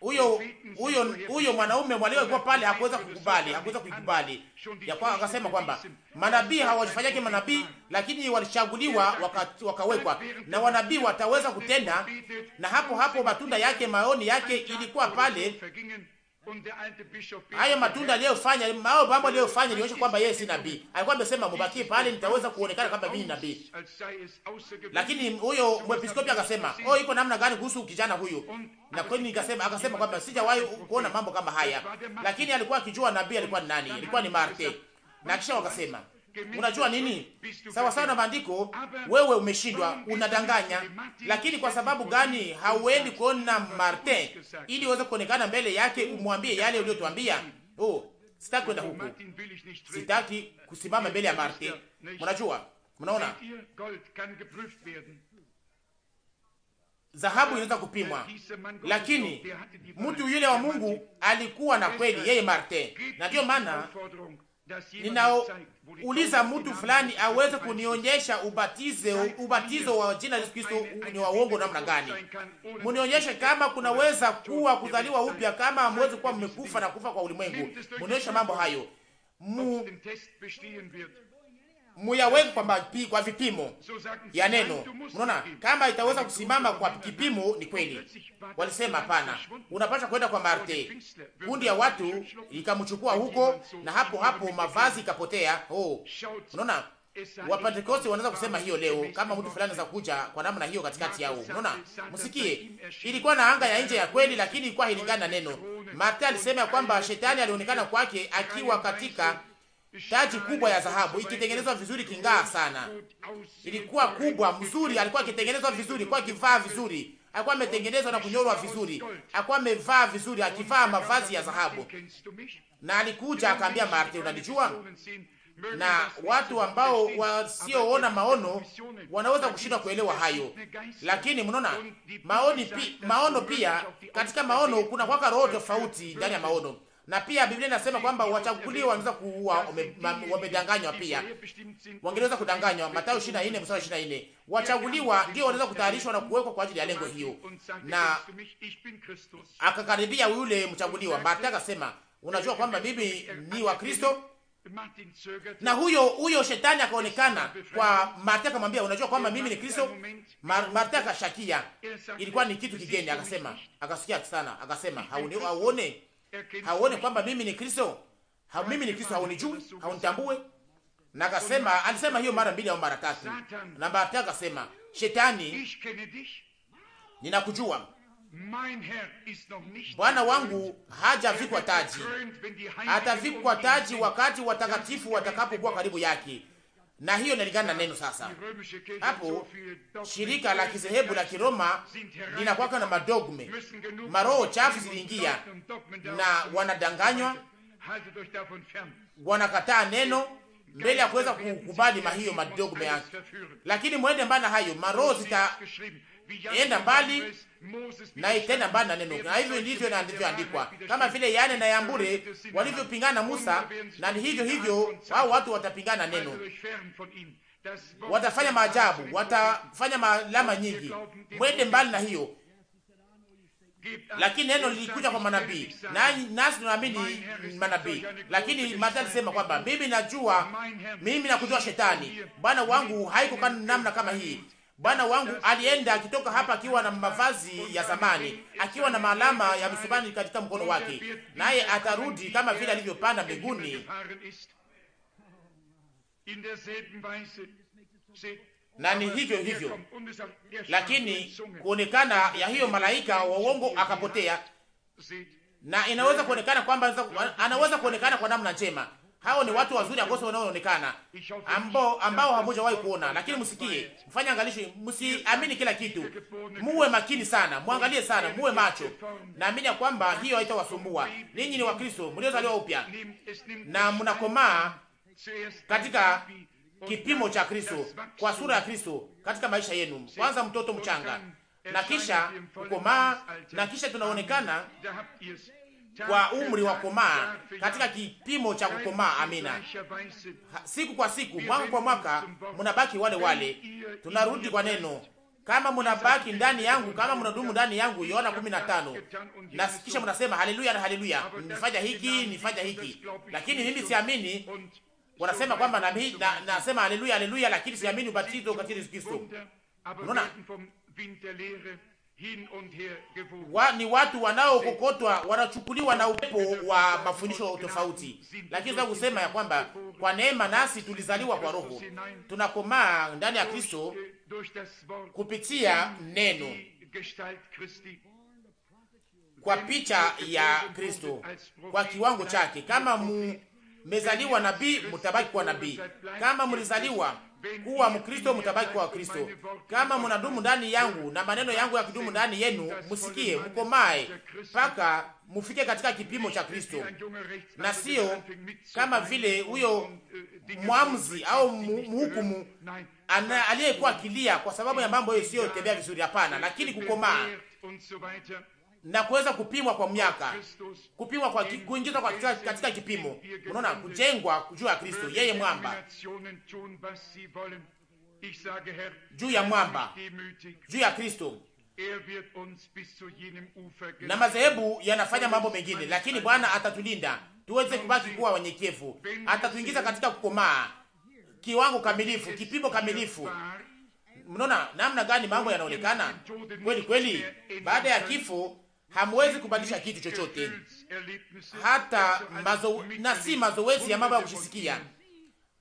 huyo huyo huyo mwanaume waliokuwa pale hakuweza kukubali, hakuweza kuikubali ya kwa, akasema kwamba manabii hawajifanyaki manabii, lakini walichaguliwa wakawekwa na wanabii wataweza kutenda, na hapo hapo matunda yake, maoni yake ilikuwa pale Haya matunda aliyofanya ao mambo aliyofanya nionyesha kwamba yeye si nabii. Alikuwa amesema mubakie pale, nitaweza kuonekana kama mimi ni nabii. Lakini huyo mwepiskopi akasema, oh, iko namna gani kuhusu kijana huyu? Na kweli nikasema, akasema kwamba sijawahi kuona mambo kama haya, lakini alikuwa akijua nabii alikuwa ni nani. Alikuwa ni Marte, na kisha wakasema Unajua nini? Sawa sawa na maandiko, wewe umeshindwa, unadanganya. Lakini kwa sababu gani hauendi kuona Martin ili uweze kuonekana mbele yake umwambie yale uliyotuambia? Oh, sitaki kwenda huko, sitaki kusimama mbele ya Martin. Mnajua, mnaona dhahabu äh, inaweza kupimwa, lakini mtu yule wa Mungu alikuwa na kweli, yeye Martin, na ndio maana ninauliza mtu fulani aweze kunionyesha ubatizo, ubatizo wa jina Yesu Kristo ni wa uongo namna gani? munionyeshe kama kunaweza kuwa kuzaliwa upya, kama hamwezi kuwa mmekufa na kufa kwa ulimwengu. munionyesha mambo hayo mu muyaweke kwa, kwa vipimo ya neno. Unaona, kama itaweza kusimama kwa kipimo, ni kweli. Walisema hapana, unapasha kwenda kwa Marte. Kundi ya watu ikamchukua huko, na hapo hapo mavazi ikapotea. Oh, unaona Wapentekoste wanaweza kusema hiyo leo, kama mtu fulani anaweza kuja kwa namna hiyo katikati yao. Unaona, msikie, ilikuwa na anga ya nje ya kweli, lakini ilikuwa hilingana na neno. Marta alisema kwamba shetani alionekana kwake akiwa katika taji kubwa ya dhahabu ikitengenezwa vizuri, kingaa sana, ilikuwa kubwa mzuri. Alikuwa akitengenezwa vizuri, kwa kivaa vizuri, alikuwa ametengenezwa na kunyorwa vizuri, alikuwa amevaa vizuri, akivaa mavazi ya dhahabu. Na alikuja akaambia Marte, unanijua? Na watu ambao wasioona maono wanaweza kushindwa kuelewa hayo, lakini mnaona maoni pi, maono pia katika maono kuna kwaka roho tofauti ndani ya maono na pia Biblia inasema kwamba wachaguliwa wanaweza kuua, wamedanganywa pia, wangeweza kudanganywa. Mathayo 24 mstari 24, wachaguliwa ndio wanaweza kutayarishwa na kuwekwa kwa ajili ya lengo hiyo. Na akakaribia yule mchaguliwa, Martha akasema, unajua kwamba mimi ni wa Kristo. Na huyo huyo shetani akaonekana kwa Martha akamwambia, unajua kwamba mimi ni Kristo. Martha akashakia, ilikuwa ni kitu kigeni, akasema, akasikia sana, akasema, hauone haone kwamba mimi ni Kristo? Ha, mimi ni Kristo, haunijui, haunitambue. Na akasema, alisema hiyo mara mbili au mara tatu, na baadaye akasema, Shetani, ninakujua Bwana wangu hajavikwa taji, atavikwa taji wakati watakatifu watakapokuwa karibu yake na hiyo inalingana na neno. Sasa hapo shirika la kizehebu la Kiroma linakwaka na madogme, maroho chafu ziliingia na wanadanganywa, wanakataa neno mbele ya kuweza kukubali mahiyo madogme yake, lakini mwende mbana hayo maroho zita enda mbali na itenda mbali na neno, na hivyo ndivyo andikwa, kama vile Yane na Yambure walivyopingana na Musa, na ni hivyo hivyo hao watu watapingana neno, watafanya maajabu, watafanya malama nyingi. Mwende mbali na hiyo, lakini neno lilikuja kwa manabii na nasi tunaamini manabii, lakini Mathayo alisema kwamba mimi najua, mimi nakujua shetani, bwana wangu haiko kana namna kama hii Bwana wangu alienda akitoka hapa akiwa na mavazi ya zamani, akiwa na maalama ya msumani katika mkono wake, naye atarudi kama vile alivyopanda mbinguni na ni hivyo hivyo, lakini kuonekana ya hiyo malaika wa uongo akapotea, na inaweza kuonekana kwamba anaweza kuonekana kwa namna njema, hao ni watu wazuri ambao wanaonekana ambao ambao hamujawahi kuona, lakini msikie, mfanye angalisho, msiamini kila kitu, muwe makini sana, muangalie sana, muwe macho. Naamini kwamba hiyo haitawasumbua ninyi. Ni Wakristo mliozaliwa upya na mnakomaa katika kipimo cha Kristo, kwa sura ya Kristo katika maisha yenu, kwanza mtoto mchanga na kisha ukomaa na kisha tunaonekana kwa umri wa kukomaa katika kipimo cha kukomaa. Amina. Siku kwa siku, mwaka kwa mwaka, mnabaki wale wale. Tunarudi kwa neno kama mnabaki ndani yangu, kama mnadumu ndani yangu, Yohana 15. Na kisha mnasema haleluya na haleluya, nifanya hiki nifanya hiki, lakini mimi siamini. Wanasema kwamba na, na, nasema haleluya haleluya, lakini siamini ubatizo katika Yesu Kristo. Unaona wa, ni watu wanaokokotwa wanachukuliwa na upepo wa mafundisho tofauti, lakini za kusema ya kwamba kwa neema nasi tulizaliwa kwa Roho, tunakomaa ndani ya Kristo kupitia neno, kwa picha ya Kristo, kwa kiwango chake. Kama mmezaliwa nabii, mutabaki kuwa nabii. Kama mlizaliwa kuwa Mkristo, mtabaki kuwa Kristo. Kama mnadumu ndani yangu na maneno yangu ya kudumu ndani yenu, msikie, mkomae mpaka mufike katika kipimo cha Kristo, na sio kama vile huyo mwamzi au mhukumu aliyekuwa akilia kwa sababu ya mambo hiyo siyotembea vizuri. Hapana, lakini kukomaa na kuweza kupimwa kwa miaka, kupimwa kwa kuingizwa katika, katika kipimo. Unaona, kujengwa juu ya Kristo, yeye mwamba, juu ya mwamba, juu ya Kristo. Na madhehebu yanafanya mambo mengine, lakini Bwana atatulinda tuweze kubaki kuwa wanyenyekevu, atatuingiza katika kukomaa, kiwango kamilifu, kipimo kamilifu. Mnaona namna gani mambo yanaonekana kweli kweli baada ya kifo hamwezi kubadilisha kitu chochote, hata mazo, na si mazoezi ya mambo ya kushisikia.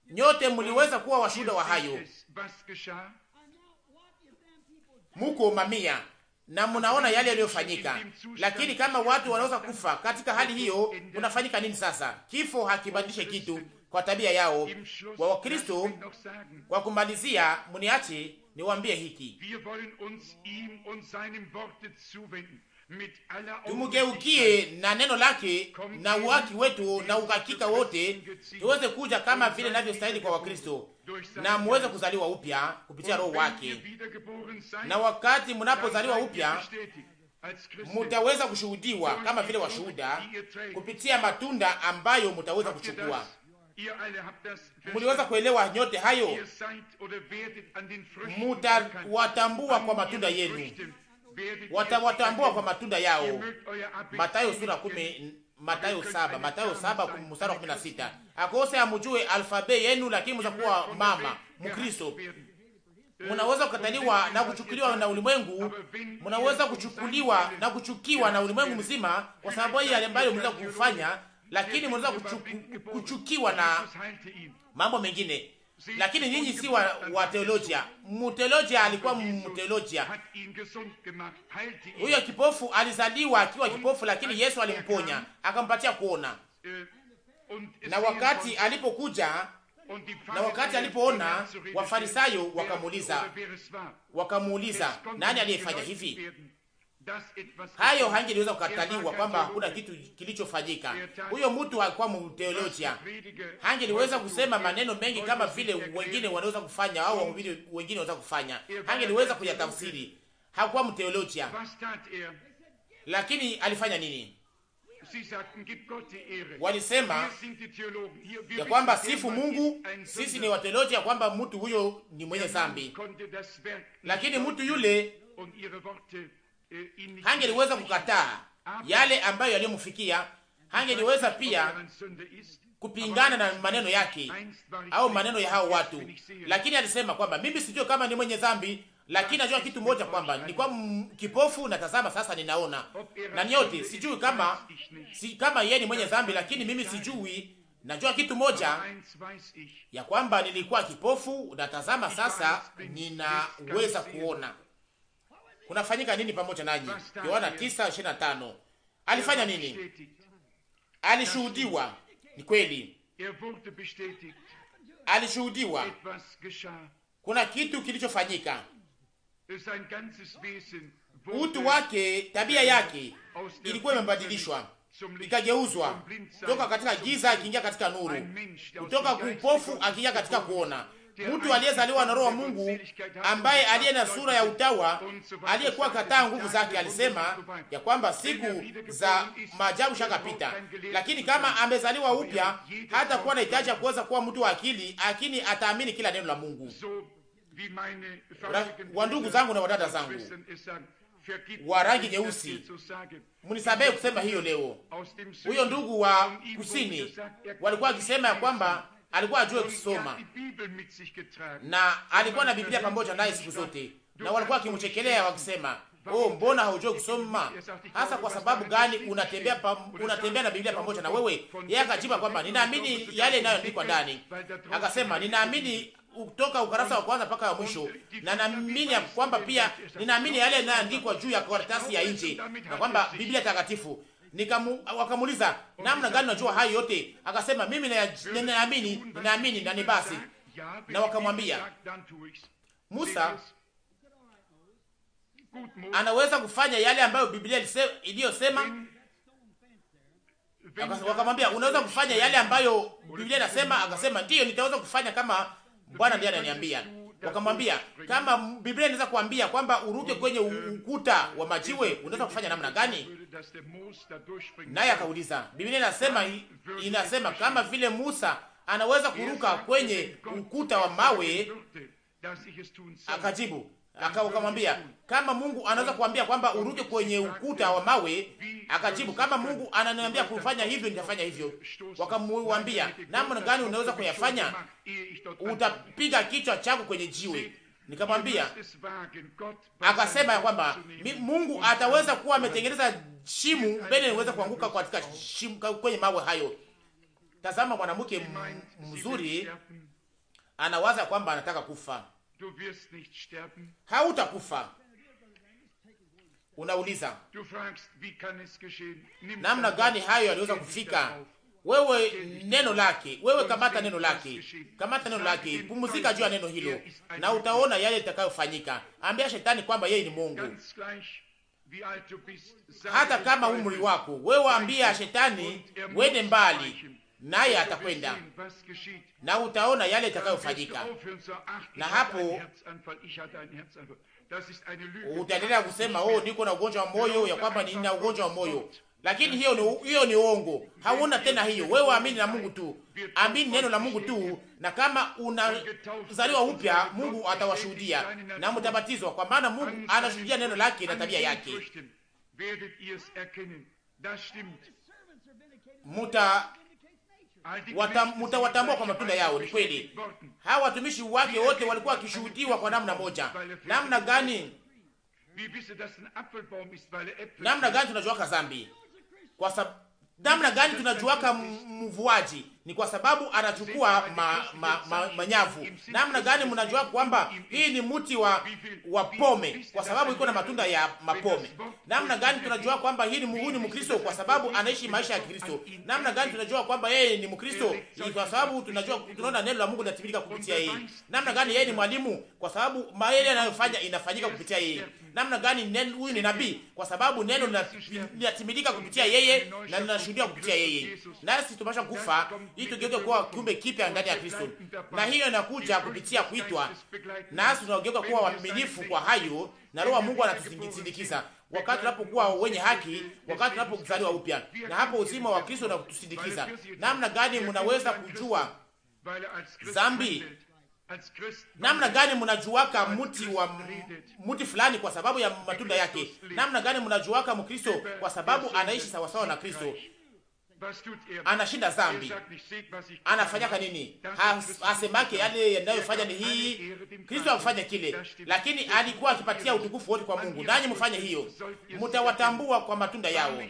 Nyote mliweza kuwa washuhuda wa hayo, muko mamia na mnaona yale yaliyofanyika. Lakini kama watu wanaweza kufa katika hali hiyo, unafanyika nini sasa? Kifo hakibadilishe kitu kwa tabia yao wa Wakristo. Kwa kumalizia, mniache niwaambie hiki tumugeukie na neno lake na uhaki wetu na uhakika wote, tuweze kuja kama vile navyostahili kwa Wakristo na muweze kuzaliwa upya kupitia Roho wake, na wakati mnapozaliwa upya mutaweza kushuhudiwa kama vile washuhuda kupitia matunda ambayo mutaweza kuchukua. Muliweza kuelewa nyote hayo, mutawatambua kwa matunda yenu watawatambua kwa matunda yao. Matayo sura kumi, Matayo saba, Matayo saba mstari wa sita. Akose amujue alfabe yenu, lakini mza kuwa mama Mkristo. munaweza kukataliwa na kuchukuliwa na ulimwengu, munaweza kuchukuliwa na kuchukiwa na ulimwengu mzima kwa sababu hii ambayo mnaweza kufanya, lakini mnaweza kuchukiwa na mambo mengine lakini nyinyi si wa, wa teolojia. Mteolojia alikuwa mteolojia. Huyo kipofu alizaliwa akiwa kipofu, lakini Yesu alimponya akampatia kuona, uh, na wakati alipokuja na wakati alipoona, Wafarisayo wakamuuliza, wakamuuliza nani aliyefanya hivi? hayo hangeliweza kukataliwa kwamba hakuna kitu kilichofanyika. Huyo mtu alikuwa mteolojia, hangeliweza kusema maneno mengi kama vile wengine wanaweza kufanya au wengine wanaweza kufanya, hangeliweza kuyatafsiri. Hakuwa mteolojia, lakini alifanya nini? Walisema ya kwamba sifu Mungu, sisi ni wateolojia, ya kwamba mtu huyo ni mwenye zambi, lakini mtu yule hangeliweza kukataa yale ambayo yaliyomfikia, hangeliweza pia kupingana na maneno yake au maneno ya hao watu, lakini alisema kwamba mimi sijui kama ni mwenye dhambi, lakini najua kitu moja kwamba nilikuwa kipofu na tazama sasa ninaona, na nyote sijui kama si kama yeye ni mwenye dhambi, lakini mimi sijui, najua kitu moja ya kwamba nilikuwa kipofu na tazama sasa ninaweza kuona kunafanyika nini pamoja nanyi? Yohana 9:25. Alifanya nini? Alishuhudiwa, ni kweli, alishuhudiwa. Kuna kitu kilichofanyika, utu wake, tabia yake ilikuwa imebadilishwa ikageuzwa, kutoka katika giza akiingia katika nuru, kutoka kupofu akiingia katika kuona mtu aliyezaliwa na roho wa Mungu, ambaye aliye na sura ya utawa, aliyekuwa kataa nguvu zake, alisema ya kwamba siku za maajabu shakapita. Lakini kama amezaliwa upya, hata kuwa na hitaji ya kuweza kuwa mtu wa akili, lakini ataamini kila neno la Mungu. Wa ndugu zangu na wadada zangu wa rangi nyeusi, mnisamehe kusema hiyo leo. Huyo ndugu wa kusini walikuwa akisema ya kwamba alikuwa ajue kusoma na alikuwa na Biblia pamoja naye siku zote, na walikuwa wakimchekelea wakisema, oh, mbona haujue kusoma? Hasa kwa sababu gani unatembea unatembea na Biblia pamoja na wewe? Yeye akajiba kwamba ninaamini yale inayoandikwa ndani. Akasema ninaamini kutoka ukarasa wa kwanza mpaka wa mwisho, na naamini kwamba pia ninaamini yale yanayoandikwa juu ya karatasi ya nje, na kwamba Biblia takatifu Nikamu, namna gani unajua hayo yote? Akasema mimi ninaamini, ninaamini ndani basi. Na wakamwambia Musa anaweza kufanya yale ambayo Biblia iliyosema. Wakamwambia unaweza kufanya yale ambayo Biblia inasema? Akasema ndiyo, nitaweza kufanya kama Bwana ndiye ananiambia wakamwambia, kama Biblia inaweza kuambia kwamba uruke kwenye ukuta wa majiwe, unaweza kufanya namna gani? Naye akauliza, Biblia inasema inasema kama vile Musa anaweza kuruka kwenye ukuta wa mawe, akajibu Akamwambia kama Mungu anaweza kuambia kwamba uruke kwenye ukuta wa mawe, akajibu kama Mungu ananiambia kufanya hivyo, nitafanya hivyo. Wakamwambia namna gani unaweza kuyafanya? Utapiga kichwa chako kwenye jiwe. Nikamwambia, akasema ya kwamba Mungu ataweza kuwa ametengeneza shimu mbele niweza kuanguka katika shimu kwenye mawe hayo. Tazama, mwanamke mzuri anawaza kwamba anataka kufa hautakufa. Unauliza namna gani hayo yaliweza kufika? Wewe neno lake, wewe kamata neno lake, kamata neno lake, pumuzika juu ya neno hilo, na utaona yale itakayofanyika. Ambia shetani kwamba yeye ni Mungu, hata kama umri wako wewe. waambia shetani wende er mbali naye atakwenda na utaona yale itakayofanyika, na hapo utaendelea kusema oh, niko na ugonjwa wa moyo, ya kwamba nina ugonjwa wa moyo. Lakini hiyo ni hiyo ni uongo, hauna tena hiyo. Wewe amini na Mungu tu, amini neno la Mungu tu, na kama unazaliwa upya, Mungu atawashuhudia na mtabatizwa, kwa maana Mungu anashuhudia neno lake na tabia yake. muta mutawatambua kwa matunda yao. Ni kweli, hawa watumishi wake wote walikuwa wakishuhudiwa kwa namna moja. Namna gani? Namna gani tunajuaka zambi? Kwa sababu namna gani tunajuaka mvuaji? ni kwa sababu anachukua ma, ma, ma, ma, manyavu. Namna gani mnajua kwamba hii ni mti wa, wa pome? Kwa sababu iko na matunda ya mapome. Namna gani tunajua kwamba hii ni muhuni Mkristo? Kwa sababu anaishi maisha ya Kristo. Namna gani tunajua kwamba yeye ni Mkristo? Ni kwa sababu tunajua, tunaona neno la Mungu linatimilika kupitia yeye. Namna gani yeye ni mwalimu? Kwa sababu maeneo anayofanya inafanyika kupitia yeye. Namna gani neno huyu ni nabii? Kwa sababu neno linatimilika kupitia yeye na linashuhudia kupitia yeye. Nasi tumesha kufa ili tugeuke kuwa kiumbe kipya ndani ya Kristo, na hiyo inakuja kupitia kuitwa, nasi tunageuka kuwa waaminifu kwa hayo, na Roho wa Mungu anatusindikiza wakati tunapokuwa wenye haki, wakati tunapozaliwa upya, na hapo uzima wa Kristo unatusindikiza. Namna gani mnaweza kujua zambi? Namna gani mnajuaka mti wa mti fulani kwa sababu ya matunda yake? Namna gani mnajuaka Mkristo? Kwa sababu anaishi sawasawa na Kristo anashinda er zambi, anafanyaka nini? Hasemake yale yanayofanya er ni hii, Kristo amfanya kile, lakini alikuwa akipatia utukufu wote kwa Mungu. Nanyi mfanye hiyo, mtawatambua kwa matunda yao.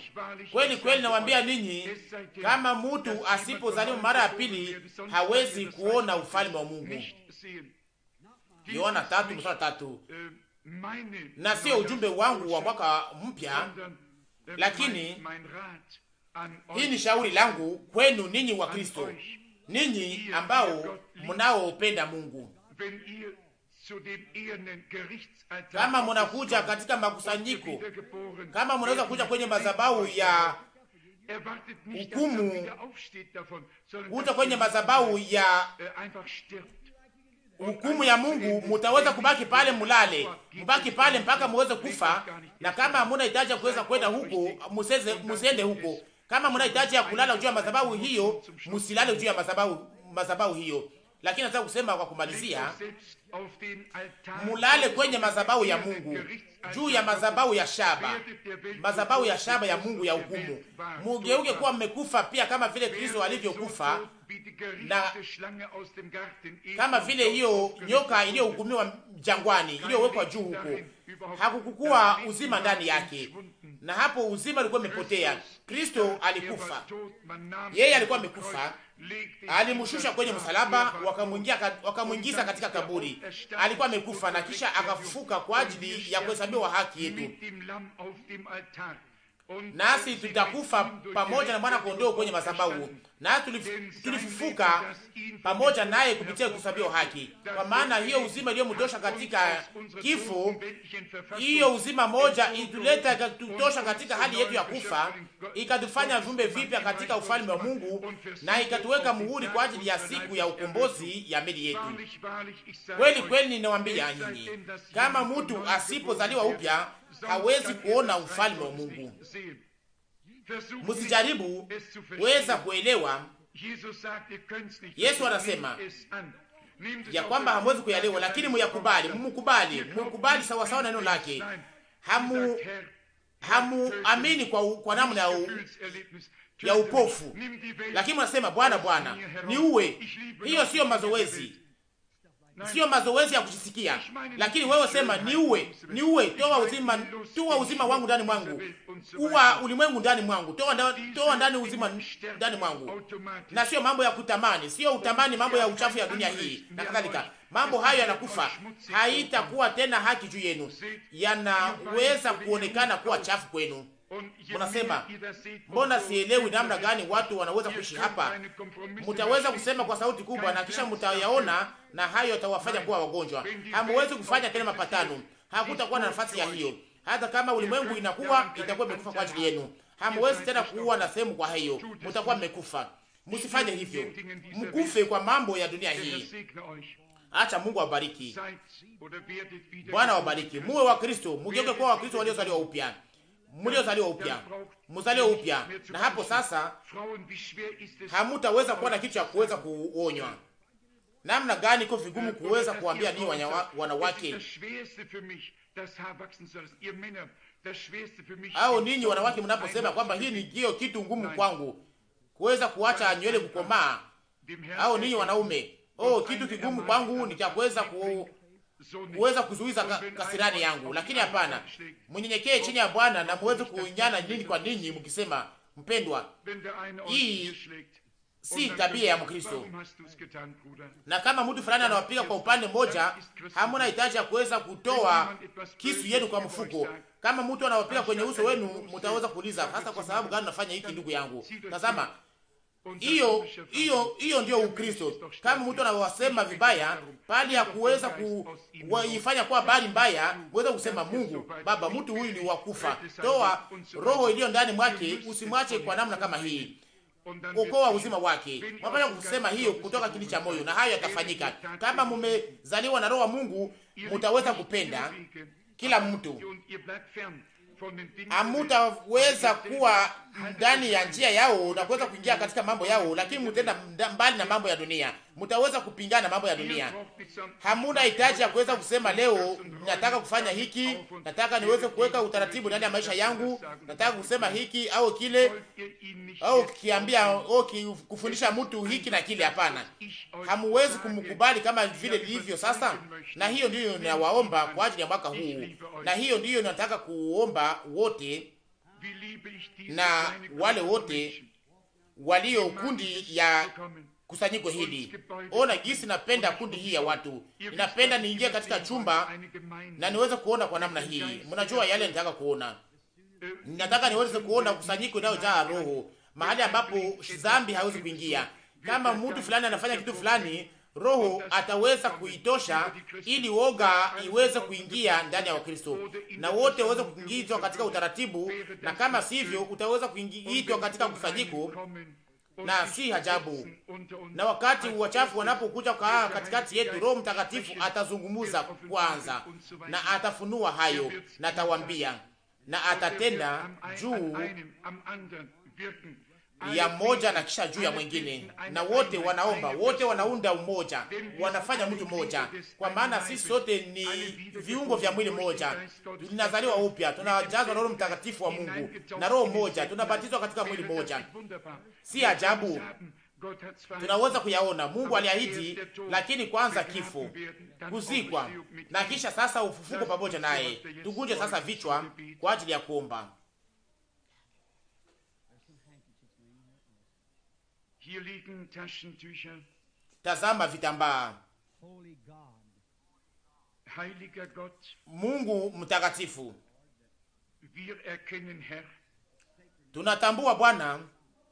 Kweli kweli nawaambia ninyi, kama mtu asipozaliwa mara ya pili hawezi kuona ufalme wa Mungu. Yohana tatu mstari tatu. Äh, Na sio ujumbe wangu wa mwaka mpya, lakini hii ni shauri langu kwenu ninyi wa Kristo, ninyi ambao mnaopenda Mungu. Kama munakuja katika makusanyiko, kama munaweza kuja kwenye madhabahu ya hukumu, er kuja kwenye er madhabahu ya äh, hukumu ya Mungu, mutaweza kubaki pale, mulale, mubaki pale mpaka muweze kufa. Na kama hamuna hitaji ya kuweza kwenda huko, musiende huko kama mnahitaji ya kulala juu ya madhabahu hiyo, msilale juu ya madhabahu madhabahu hiyo. Lakini nataka kusema kwa kumalizia, mulale kwenye madhabahu ya Mungu, juu ya madhabahu ya shaba, madhabahu ya shaba ya Mungu ya hukumu. Mugeuke kuwa mmekufa pia kama vile Kristo alivyokufa, na kama vile hiyo nyoka iliyohukumiwa jangwani iliyowekwa juu huko, hakukukuwa uzima ndani yake, na hapo uzima ulikuwa umepotea. Kristo alikufa, yeye alikuwa amekufa, alimshusha kwenye msalaba, wakamwingiza katika kaburi. Alikuwa amekufa na kisha akafufuka kwa ajili ya kuhesabiwa haki yetu nasi tutakufa pamoja na mwana kondoo kwenye madhabahu, na tulifufuka pamoja naye kupitia kusabiwa haki. Kwa maana hiyo uzima iliyomtosha katika kifo, hiyo uzima moja ituleta ikatutosha katika hali yetu ya kufa, ikatufanya viumbe vipya katika ufalme wa Mungu, na ikatuweka muhuri kwa ajili ya siku ya ukombozi ya mili yetu. Kweli kweli ninawaambia nyinyi, kama mtu asipozaliwa upya hawezi kuona ufalme wa Mungu. Msijaribu kuweza kuelewa. Yesu anasema ya kwamba hamwezi kuyalewa, lakini muyakubali, mukubali mukubali sawasawa na neno lake. Hamu hamuamini kwa, kwa namna ya, ya upofu, lakini mnasema Bwana, Bwana ni uwe Hiyo siyo mazoezi sio mazoezi ya kujisikia, lakini wewe sema ni uwe ni uwe, toa uzima, toa uzima wangu ndani mwangu, uwa ulimwengu ndani mwangu, toa toa ndani uzima ndani mwangu, na sio mambo ya kutamani, sio utamani mambo ya uchafu ya dunia hii na kadhalika. Mambo hayo yanakufa, haitakuwa tena haki juu yenu, yanaweza kuonekana kuwa chafu kwenu. Mnasema, mbona sielewi namna gani watu wanaweza kuishi hapa? Mtaweza kusema kwa sauti kubwa na kisha mtayaona, na hayo yatawafanya kuwa wagonjwa. Hamwezi kufanya tena mapatano, hakutakuwa na nafasi ya hiyo. Hata kama ulimwengu inakuwa itakuwa imekufa kwa ajili yenu, hamwezi tena kuwa na sehemu kwa hiyo, mtakuwa mmekufa. Msifanye hivyo, mkufe kwa mambo ya dunia hii. Acha Mungu awabariki. Bwana wabariki, muwe wa Kristo, mugeuke kuwa wa Kristo waliozaliwa upya mliozaliwa upya, mzaliwa upya, na hapo sasa hamutaweza kuwa na kitu cha kuweza kuonywa. Namna gani iko vigumu kuweza kuambia ni wanawake au ninyi wanawake mnaposema kwamba hii ni kio kitu ngumu kwangu kuweza kuacha nywele kukomaa, au ninyi wanaume, oh, kitu kigumu kwangu ni cha kuweza ku uweza kuzuiza kasirani yangu, lakini hapana, mnyenyekee chini ya Bwana na muweze kuinyana nini kwa ninyi, mkisema mpendwa, hii si tabia ya Mkristo. Na kama mtu fulani anawapiga kwa upande mmoja, hamuna hitaji ya kuweza kutoa kisu yenu kwa mfuko. Kama mtu anawapiga kwenye uso wenu, mtaweza kuuliza hasa kwa sababu gani unafanya hiki, ndugu yangu? Tazama, hiyo hiyo hiyo ndio Ukristo. Kama mtu anawasema vibaya, bali ya kuweza kuifanya kuwa bali mbaya, uweza kusema Mungu Baba, mtu huyu ni wakufa, toa roho iliyo ndani mwake, usimwache kwa namna kama hii, okoa uzima wake. Mwapasha kusema hiyo kutoka kili cha moyo, na hayo yatafanyika. Kama mumezaliwa na roho wa Mungu, mutaweza kupenda kila mtu hamutaweza kuwa ndani ya njia yao na kuweza kuingia katika mambo yao, lakini mutaenda mbali na mambo ya dunia, mutaweza kupingana na mambo ya dunia. Hamuna hitaji ya kuweza kusema leo nataka kufanya hiki, nataka niweze kuweka utaratibu ndani ya maisha yangu, nataka kusema hiki au kile au kiambia au kufundisha mtu hiki na kile. Hapana, hamuwezi kumkubali kama vile lilivyo sasa, na hiyo ndiyo ninawaomba kwa ajili ya mwaka huu, na hiyo ndiyo nataka kuomba wote na wale wote walio kundi ya kusanyiko hili. Ona jinsi napenda kundi hii ya watu, ninapenda niingie katika chumba na niweze kuona kwa namna hii. Mnajua yale nitaka kuona, uh, nataka niweze kuona kusanyiko inayojaa Roho, mahali ambapo dhambi hawezi kuingia. Kama mtu fulani anafanya kitu fulani Roho ataweza kuitosha ili woga iweze kuingia ndani ya Wakristo na wote waweze kuingizwa katika utaratibu, na kama sivyo utaweza kuingizwa katika kusanyiko, na si hajabu. Na wakati wachafu wanapokuja kwa katikati yetu, Roho Mtakatifu atazungumuza kwanza na atafunua hayo na atawambia na atatenda juu ya moja na kisha juu ya mwingine, na wote wanaomba, wote wanaunda umoja, wanafanya mtu mmoja, kwa maana sisi sote ni viungo vya mwili mmoja, tunazaliwa upya, tunajazwa na Roho Mtakatifu wa Mungu na roho moja, tunabatizwa katika mwili mmoja. Si ajabu tunaweza kuyaona. Mungu aliahidi, lakini kwanza kifo, kuzikwa na kisha sasa ufufuko pamoja naye. Tugunje sasa vichwa kwa ajili ya kuomba. Hier liegen Taschentücher. Tazama vitambaa. Heiliger Gott, Mungu mtakatifu, wir erkennen Herr, tunatambua Bwana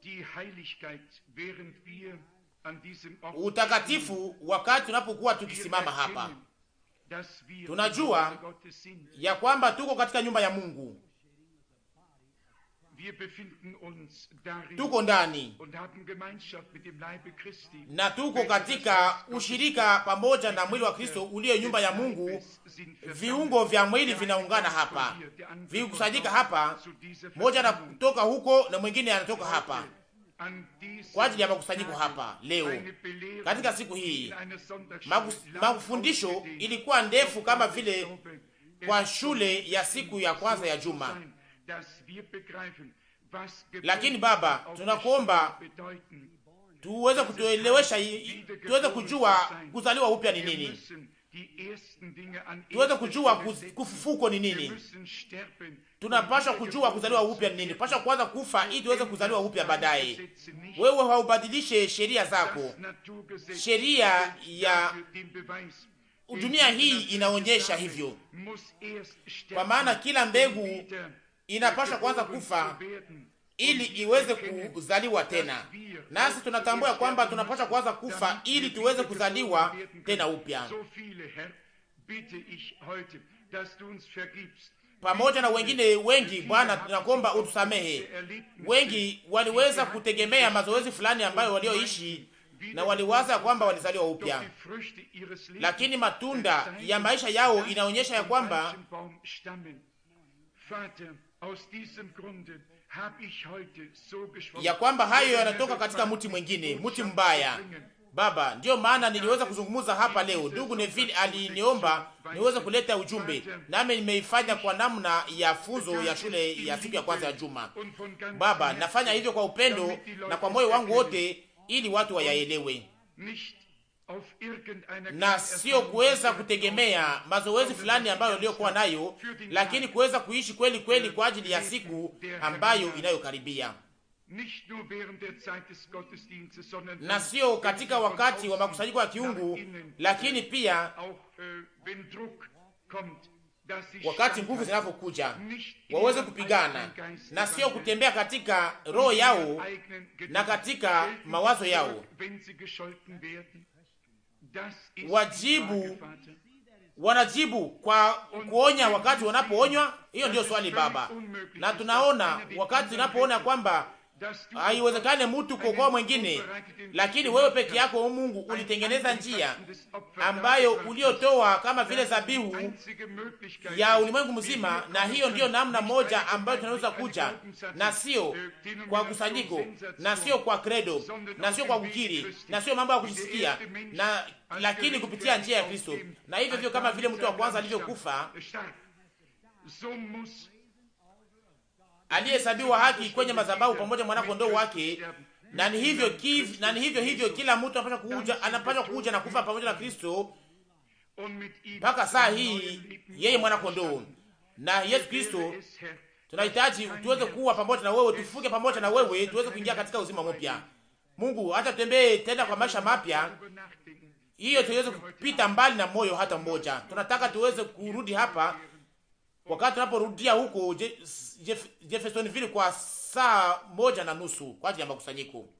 die Heiligkeit während wir an diesem Ort utakatifu, wakati tunapokuwa tukisimama hapa, tunajua ya kwamba tuko katika nyumba ya Mungu tuko ndani na tuko katika ushirika pamoja na mwili wa Kristo ulio nyumba ya Mungu. Viungo vya mwili vinaungana hapa, vikusanyika hapa, moja anatoka huko na mwingine anatoka hapa kwa ajili ya makusanyiko hapa leo katika siku hii. Mafundisho ilikuwa ndefu kama vile kwa shule ya siku ya kwanza ya juma lakini Baba, tunakuomba tuweze kutuelewesha, tuweze kujua kuzaliwa upya ni nini, tuweze kujua kufufuko ni nini. tunapashwa um kujua kuzaliwa upya ni nini, pashwa kuanza kufa ili tuweze kuzaliwa upya baadaye. Wewe haubadilishe sheria zako, sheria ya dunia hii inaonyesha hivyo, kwa maana kila mbegu inapasha kwanza kufa ili iweze kuzaliwa tena. Nasi tunatambua kwamba tunapasha kwanza kufa ili tuweze kuzaliwa tena upya pamoja na wengine wengi. Bwana, tunakuomba utusamehe. Wengi waliweza kutegemea mazoezi fulani ambayo walioishi na waliwaza ya kwamba walizaliwa upya, lakini matunda ya maisha yao inaonyesha ya kwamba ya kwamba hayo yanatoka katika mti mwingine, mti mbaya. Baba, ndiyo maana niliweza kuzungumza hapa leo. Ndugu Neville aliniomba niweze kuleta ujumbe, nami nimeifanya kwa namna ya funzo ya shule ya siku ya kwanza ya juma. Baba, nafanya hivyo kwa upendo na kwa moyo wangu wote, ili watu wayaelewe na sio kuweza kutegemea mazoezi fulani ambayo yaliyokuwa nayo, lakini kuweza kuishi kweli kweli kwa ajili ya siku ambayo inayokaribia, äh, äh, na sio katika wakati wa makusanyiko ya kiungu, lakini pia wakati nguvu zinapokuja waweze kupigana na sio kutembea katika roho yao na katika mawazo yao, wajibu wanajibu kwa kuonya wakati wanapoonywa. Hiyo ndio swali Baba, na tunaona wakati tunapoona kwamba Haiwezekane mtu kuokoa mwengine, lakini wewe peke yako Mungu ulitengeneza njia ambayo uliotoa kama vile zabihu ya ulimwengu mzima, na hiyo ndiyo namna moja ambayo tunaweza kuja, na sio kwa kusanyiko, na sio kwa kredo na sio kwa kukiri, na sio mambo ya kujisikia, na lakini kupitia njia ya Kristo. Na hivyo hivyo kama vile mtu wa kwanza alivyokufa aliyehesabiwa haki kwenye madhabahu pamoja mwana kondoo wake. Na ni hivyo kiv, na ni hivyo hivyo kila mtu anapaswa kuja, anapaswa kuja na kufa pamoja na Kristo mpaka saa hii, yeye mwana kondoo na Yesu Kristo. Tunahitaji tuweze kuwa pamoja na wewe, tufuke pamoja na wewe, tuweze kuingia katika uzima mpya. Mungu hata tutembee tena kwa maisha mapya, hiyo tuweze kupita mbali na moyo hata mmoja. Tunataka tuweze kurudi hapa Wakati unaporudia huko Jeffersonville kwa saa moja na nusu kwa ajili ya makusanyiko.